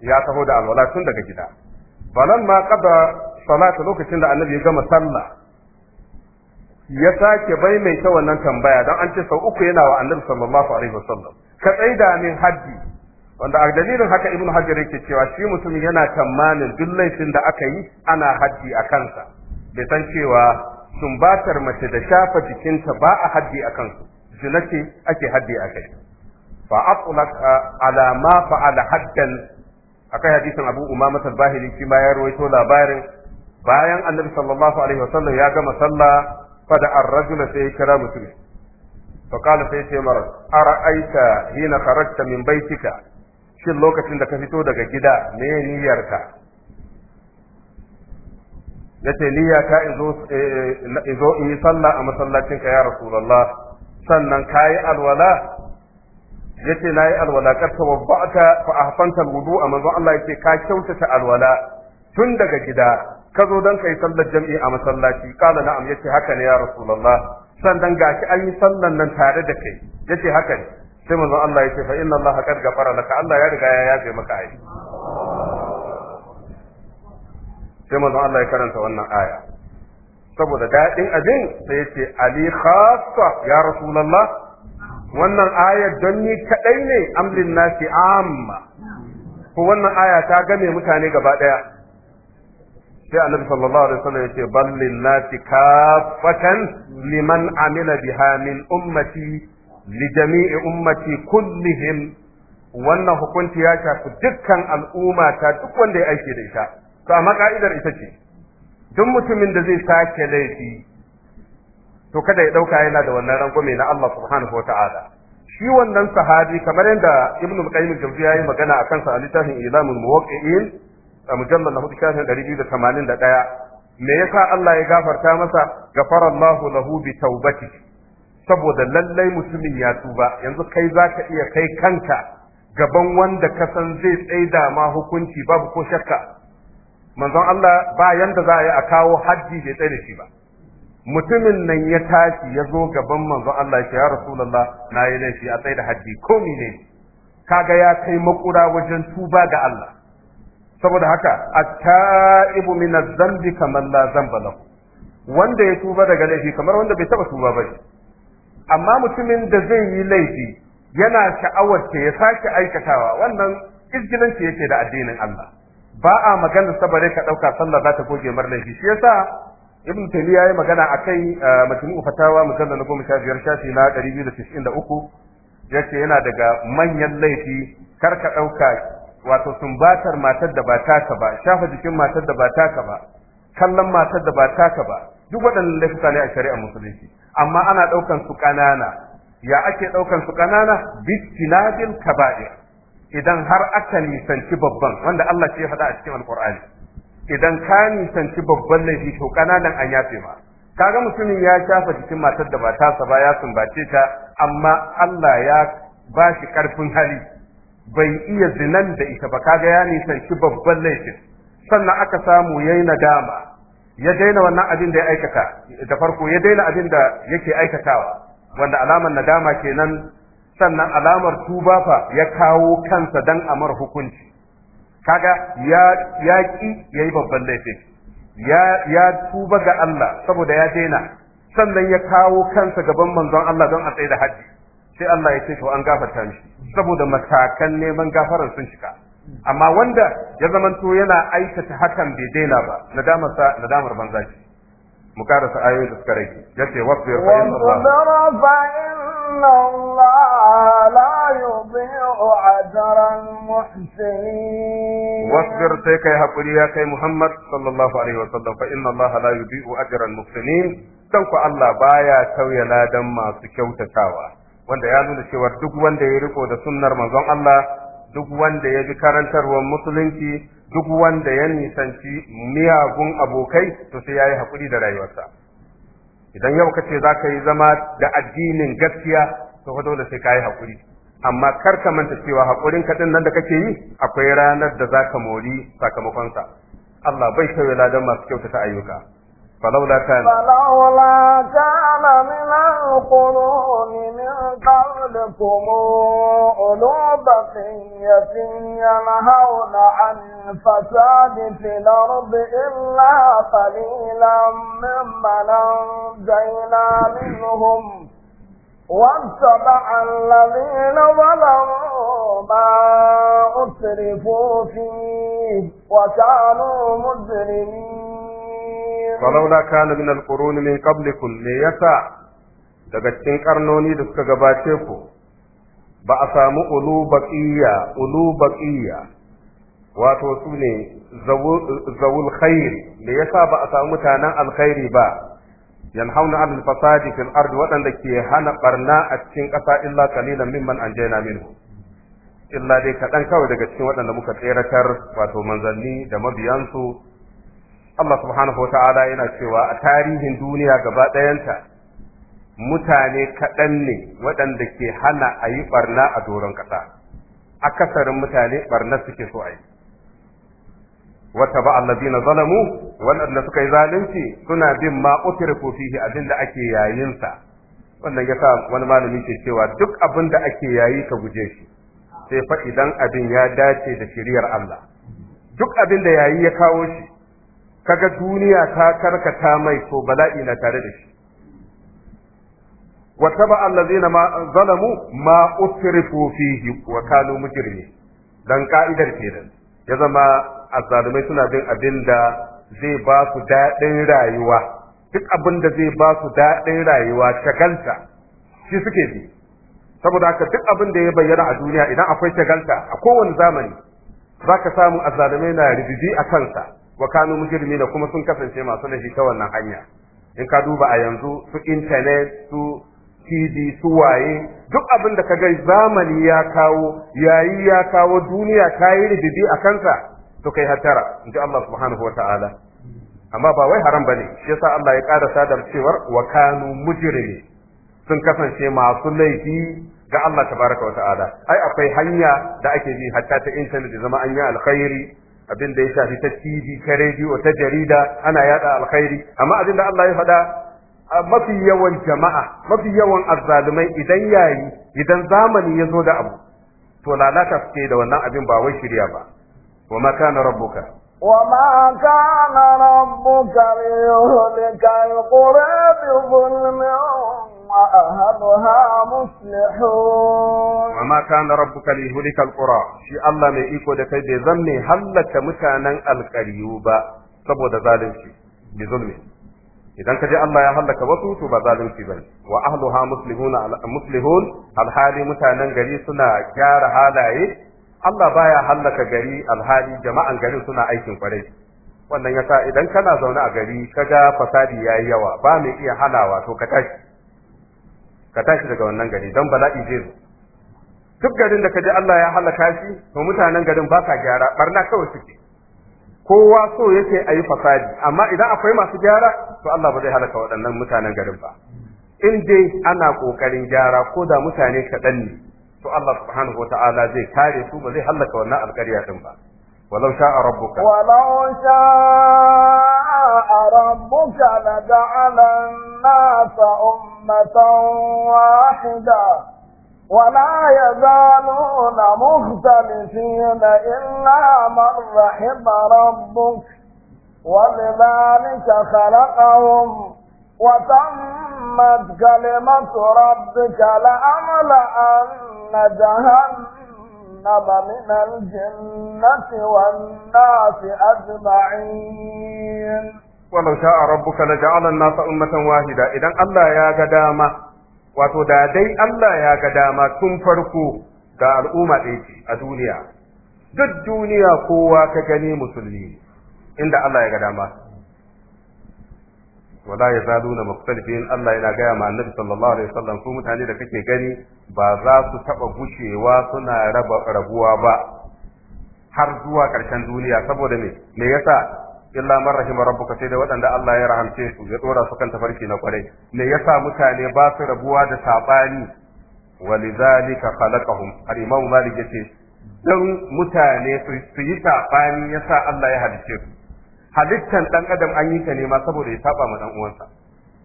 ya taho da alwala tun daga gida balan ma qada salata lokacin da annabi ya gama sallah ya sake bai mai ta wannan tambaya dan an ce sau uku yana wa annabi sallallahu alaihi wasallam ka tsaida min haddi wanda a dalilin haka ibn hajar yake cewa shi mutum yana tamanin duk laifin da aka yi ana haddi a kansa bai san cewa sumbatar mace da shafa jikinta ba a haddi a kansu zina ce ake haddi a kai fa atlaq ala ma ala haddan akai hadisin abu umama al-bahili shi ma ya rawaito labarin bayan annabi sallallahu alaihi wasallam ya gama sallah fada ar-rajula sai kira mutum فقال سيدي مرض أرأيت حين خرجت من بيتك shin lokacin da ka fito daga gida me niyyarka ya ce niyya ta izo eh, in yi sallah a masallacinka ya rasulallah sannan ka yi alwala ya ce na yi alwala ƙarfa babba aka fa a hafantar wudu a manzon Allah ya ce ka kyautata alwala tun daga gida ka zo don ka yi sallar jam'i a masallaci ƙala na'am ya ce haka ne ya rasulallah sannan gashi an yi sallan nan tare da kai ya ce haka ne sai manzo Allah ya ce fa inna Allah qad ghafara laka Allah ya riga ya yafe maka ai sai manzo Allah ya karanta wannan aya saboda daɗin abin sai yace ali khassa ya rasulullah wannan aya don ni kadai ne amrin nasi amma ko wannan aya ta game mutane gaba daya sai annabi sallallahu alaihi wasallam yace ballin nasi kafatan liman amila biha min ummati li jami'i ummati kullihim wannan hukunci ya shafi dukkan al'umma ta duk wanda ya aiki da ita to amma ka'idar ita ce duk mutumin da zai sake laifi to kada ya dauka yana da wannan rangwame na Allah subhanahu wata'ala shi wannan sahabi kamar yadda ibnu al-qayyim al-jawziy magana akan sa a littafin ilamul muwaqqi'in a mujallal na 281 me yasa Allah ya gafarta masa gafara Allahu lahu bi tawbatihi saboda lallai mutumin ya tuba yanzu kai za ka iya kai kanka gaban wanda ka san zai tsaida ma hukunci babu ko shakka manzon Allah ba yanda za a yi a kawo hajji bai tsaida shi ba mutumin nan ya tashi ya zo gaban manzon Allah ya rasulullah na yi laifi a tsaida hajji ko ne kaga ya kai makura wajen tuba ga Allah saboda haka at-ta'ibu min adh-dhanbi kaman la dhanba lahu wanda ya tuba daga laifi kamar wanda bai taba tuba ba shi. amma mutumin da zai yi laifi yana sha'awar ce ya sake aikatawa wannan ce yake da addinin Allah ba a magana sabare ka dauka sallah za ta goge mar laifi shi yasa ibn taymiya yayi magana akai uh, majmu'u fatawa mujallal na 15 shafi na 293 yace yana daga manyan laifi kar ka dauka wato sumbatar matar da ba taka ba shafa jikin matar da ba taka ba kallon matar da ba taka ba duk waɗannan laifuka ne a shari'ar musulunci amma ana ɗaukan su ƙanana ya ake ɗaukan su ƙanana bistinadil kaba'i idan har aka nisanci babban wanda Allah ce ya faɗa a cikin alƙur'ani idan ka nisanci babban laifi to ƙananan an yafe ma kaga mutumin ya shafa cikin matar da ba tasa ba ya sumbace ta amma Allah ya ba shi ƙarfin hali bai iya zinan da ita ba kaga ya nisanci babban laifin sannan aka samu yayi nadama ya daina wannan abin da ya aikata da farko ya daina abin da yake aikatawa wanda alamar nadama kenan sannan alamar tuba fa ya kawo kansa dan amar hukunci kaga ya ya ki yayi babban laifi ya ya tuba ga Allah saboda ya daina sannan ya kawo kansa gaban manzon Allah don a tsaye da haji sai Allah ya ce to an gafarta mishi saboda matakan neman gafarar sun cika amma wanda ya zamanto yana aikata hakan bai daina ba nadamar sa nadamar banza ce mu karasa ayoyi da suka rage yace wasbir fa inna Allah la yudhi'u ajra al-muhsinin wasbir sai kai hakuri ya kai Muhammad sallallahu alaihi wasallam fa inna Allah la yudhi'u ajra al-muhsinin dan ku Allah baya tauya ladan masu kyautatawa wanda ya nuna cewa duk wanda ya riko da sunnar manzon Allah duk wanda ya bi karantarwar musulunci duk wanda ya nisanci miyagun abokai to sai ya yi haƙuri da rayuwarsa idan yau ka ce za ka yi zama da addinin gaskiya to fa dole sai ka yi haƙuri amma kar ka manta cewa haƙurin ka nan da kake yi akwai ranar da za ka mori sakamakonsa Allah bai kawai ladan masu kyautata ayyuka فلولا كان فلولا كان من القرون من قبلكم أولو بقية ينهون عن الفساد في الأرض إلا قليلا ممن أنجينا منهم واتبع الذين ظلموا ما أسرفوا فيه وكانوا مجرمين falaula kana min alqurun min qablikum me yasa daga cikin karnoni da suka gabace ku ba a samu ulu baqiya wato su ne zawul khair me yasa ba a samu mutanen alkhairi ba yanhauna anil fasadi fil ardi waɗanda ke hana barna a cikin ƙasa illa qalilan mimman anjayna minhu illa dai kaɗan kawai daga cikin waɗanda muka tseratar wato manzanni da mabiyansu Allah subhanahu wata'ala yana cewa a tarihin duniya gaba ɗayanta mutane kaɗan ne waɗanda ke hana a yi ɓarna a doron ƙasa akasarin mutane ɓarna suke so a yi wata ba na zalamu waɗanda suka yi zalunci suna bin ma ko fihi abinda ake yayin sa wannan yasa wani malami ke cewa duk abin da ake yayi ka guje shi sai fa idan abin ya dace da shiriyar Allah duk abin da yayi ya kawo shi kaga duniya ta karkata mai to bala'i na tare da shi wa taba allazina ma zalamu ma utrifu fihi wa kanu mujrimin dan ka'idar kenan ya zama azzalumai suna bin abin da zai ba su daɗin rayuwa duk abin zai ba su daɗin rayuwa shagalta shi suke bi saboda haka duk abin da ya bayyana a duniya idan akwai shagalta a kowane zamani za ka samu azzalumai na rididi a kansa wa kanu mujrimina kuma sun kasance masu laifi ta wannan hanya in ka duba a yanzu su internet su TV su waye duk abin da ka ga zamani ya kawo yayi ya kawo duniya ta yi rididi a kansa to kai hattara inji Allah subhanahu wa ta'ala amma ba wai haram bane shi yasa Allah ya ƙara sadar cewar wa kanu mujrimi sun kasance masu laifi ga Allah tabaraka wa ta'ala ai akwai hanya da ake bi hatta ta internet da zama an yi alkhairi abin da ya shafi ta TV ta rediyo ta jarida ana yada alkhairi amma abin da Allah ya faɗa mafi yawan jama'a mafi yawan azzalumai idan yayi idan zamani ya zo da abu to lalata suke da wannan abin ba wai shirya ba wa ma kana rabbuka ma kana rabbuka ليهلك القرى بظلم وأهلها مصلحون وما كان ربك ليهلك القرى شي الله مي إيكو دكاي بي زمي هلك متانن القريوبا saboda zalunci bi zulmi idan ka je Allah ya hallaka wasu to ba zalunci bane wa ahluha muslimuna alhali mutanen gari suna gyara halaye Allah baya hallaka gari alhali jama'an garin suna aikin kwarai wannan yasa idan kana zaune a gari kaga fasadi yayi yawa ba mai iya halawa to ka tashi ka tashi daga wannan gari don bala'i zai zo duk garin da ka ji Allah ya halaka shi to mutanen garin ba sa gyara barna kawai suke kowa so yake a yi fasadi amma idan akwai masu gyara to Allah ba zai halaka waɗannan mutanen garin ba in dai ana ƙoƙarin gyara ko da mutane kaɗan ne to Allah subhanahu wa zai kare su ba zai halaka wannan alƙarya din ba ولو شاء ربك ولو شاء ربك لجعل الناس أمة واحدة ولا يزالون مختلفين إلا من رحم ربك ولذلك خلقهم وتمت كلمة ربك لأملأن جهنم جهنم من الجنة والناس أجمعين ولو شاء ربك لجعل الناس أمة واحدة إذا الله يا قدامة wato da dai Allah ya ga dama tun farko da al'umma ɗaya a duniya duk duniya kowa ka gani musulmi inda Allah ya ga dama wala ya zalu na mukhtalifin Allah yana gaya ma annabi sallallahu alaihi wasallam su mutane da kake gani ba za su taba gushewa suna raba rabuwa ba har zuwa ƙarshen duniya saboda me me yasa illa man rahima rabbuka sai da waɗanda Allah ya rahamce su ya dora su kan tafarki na kwarai me yasa mutane ba su rabuwa da sabani ولذلك خلقهم الإمام مالك يقول don mutane su yi saɓani ya sa Allah ya halice su halittan ɗan adam an yi ta nema saboda ya saba ma dan uwansa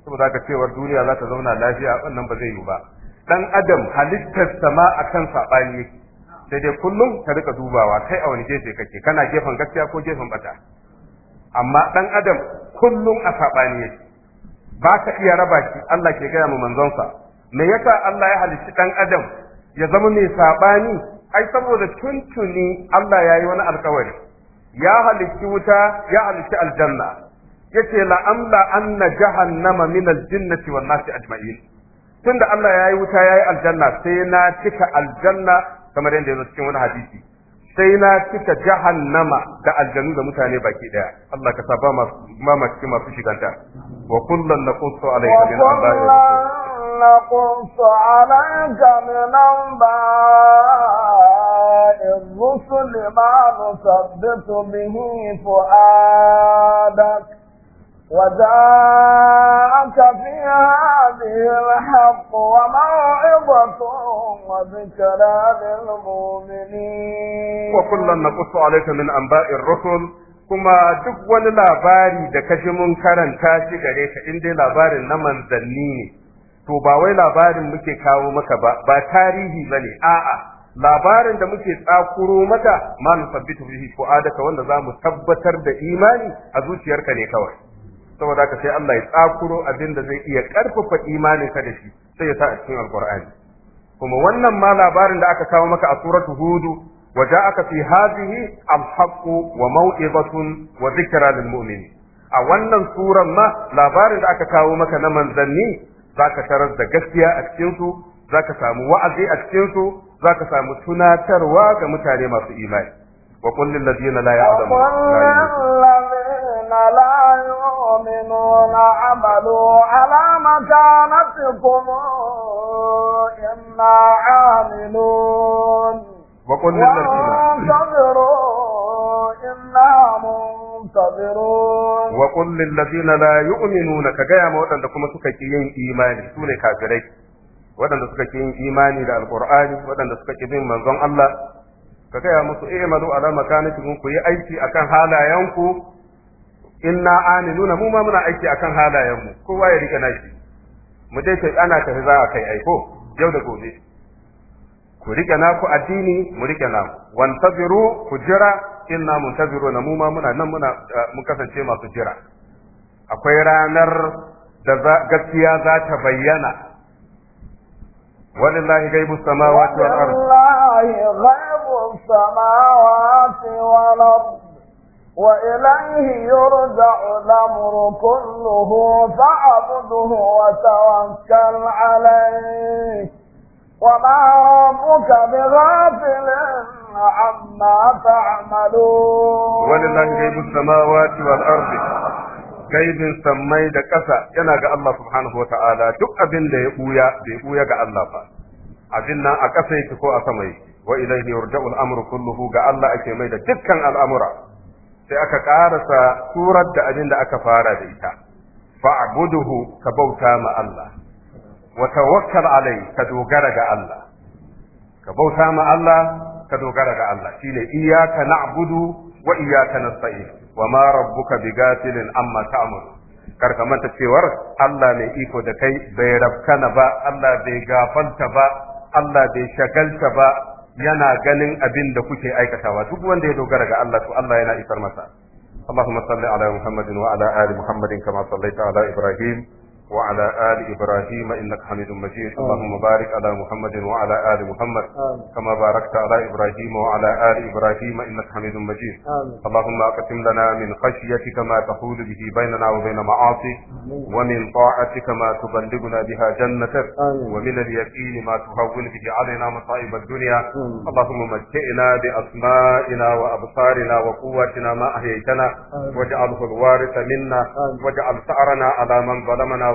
saboda ka cewar duniya za ta zauna lafiya wannan ba zai yi ba Ɗan adam halittar sama akan sabani yake da dai kullum ka rika dubawa kai a wani gefe kake kana gefen gaskiya ko gefen bata amma ɗan adam kullum a sabani yake ba ka iya raba shi Allah ke gaya ma manzonsa me yasa Allah ya halicci dan adam ya zama mai saɓani? ai saboda tuntuni Allah ya yi wani alkawari ya halicci wuta ya halicci aljanna yace la amla anna jahannama min aljinnati wan nasi ajma'in tunda Allah yayi wuta yayi aljanna sai na cika aljanna kamar yadda yazo cikin wani hadisi sai na cika jahannama da aljanu da mutane baki daya Allah ka saba mamaki masu shiganta wa kullun naqussu alayka min anba'i نقص alayka min أنباء الرسل ما نثبت bihi فؤادك وجاءك في هذه الحق وموعظة وذكرى للمؤمنين وكلا نقص عليك من أنباء الرسل kuma duk wani labari da ka mun karanta shi gare ka in dai labarin na manzanni ne to ba wai labarin muke kawo maka ba ba tarihi bane a'a labarin da muke tsakuro maka ma nusabbitu bihi fu'adaka wanda zamu tabbatar da imani a zuciyarka ne kawai saboda haka sai Allah ya tsakuro abin da zai iya karfafa ka da shi sai ya sa a cikin alqur'ani kuma wannan ma labarin da aka kawo maka a suratu hudu وجاءك wa هذه wa وموعظة وذكرى للمؤمنين a wannan suran ma labarin da aka kawo maka na manzanni za ka tarar da gaskiya a cikinsu za ka samu wa'azi a cikinsu za ka samu tunatarwa ga mutane masu imani wa kullin ladina la ya'lamu الذين لا يؤمنون عملوا على مكانتكم إنا عاملون وقل للذين انتظروا إنا منتظرون وقل للذين لا يؤمنون كجاية موتا لكم سكيين إيماني سورة كافرين waɗanda suka ƙi yin imani da alƙur'ani waɗanda suka ƙi bin manzon Allah ka gaya musu i'malu ala makanatikum ku yi aiki akan halayenku inna aminuna mu ma muna aiki akan halayen mu kowa ya rike nashi mu dai kai ana tafi za a kai aiko yau da gobe ku rike naku addini mu rike naku wantaziru ku jira inna muntaziruna mu ma muna nan muna eh, mun kasance masu jira akwai ranar da gaskiya za ta bayyana samawati wal السماوات والأرض ولله samawati wal وإليه يرجع الأمر كله فاعبده وتوكل عليه وما ربك بغافل عما تعملون ولله غيب السماوات والأرض gaibin sammai da ƙasa yana ga Allah subhanahu duk abin da ya ɓuya bai ɓuya ga Allah ba abin nan a ƙasa yake ko a sama yake wa ilaihi yurja'ul amru ga Allah ake mai da dukkan al'amura sai aka karasa surar da abin da aka fara da ita fa'buduhu ka bauta ma Allah wa tawakkal alai ka dogara ga Allah ka bauta ma Allah ka dogara ga Allah shine iyyaka na'budu wa iyyaka nasta'in wa ma rabbuka bighafilin amma Kar karka manta cewar Allah ne iko da kai bai rabkana ba Allah bai gafanta ba Allah bai shagalta ba yana ganin abin da kuke aikatawa duk wanda ya dogara ga Allah to Allah yana isar masa Allahumma salli ala Muhammadin wa ala ali Muhammadin kama sallaita ala Ibrahim وعلى آل إبراهيم إنك حميد مجيد آه. اللهم بارك على محمد وعلى آل محمد آه. كما باركت على إبراهيم وعلى آل إبراهيم إنك حميد مجيد آه. اللهم أقسم لنا من خشيتك ما تحول به بيننا وبين معاصيك ومن طاعتك ما تبلغنا بها جنتك ومن اليقين ما تهون به علينا مصائب الدنيا اللهم متئنا بأسمائنا وأبصارنا وقواتنا ما أحييتنا واجعله الوارث منا واجعل ثأرنا على من ظلمنا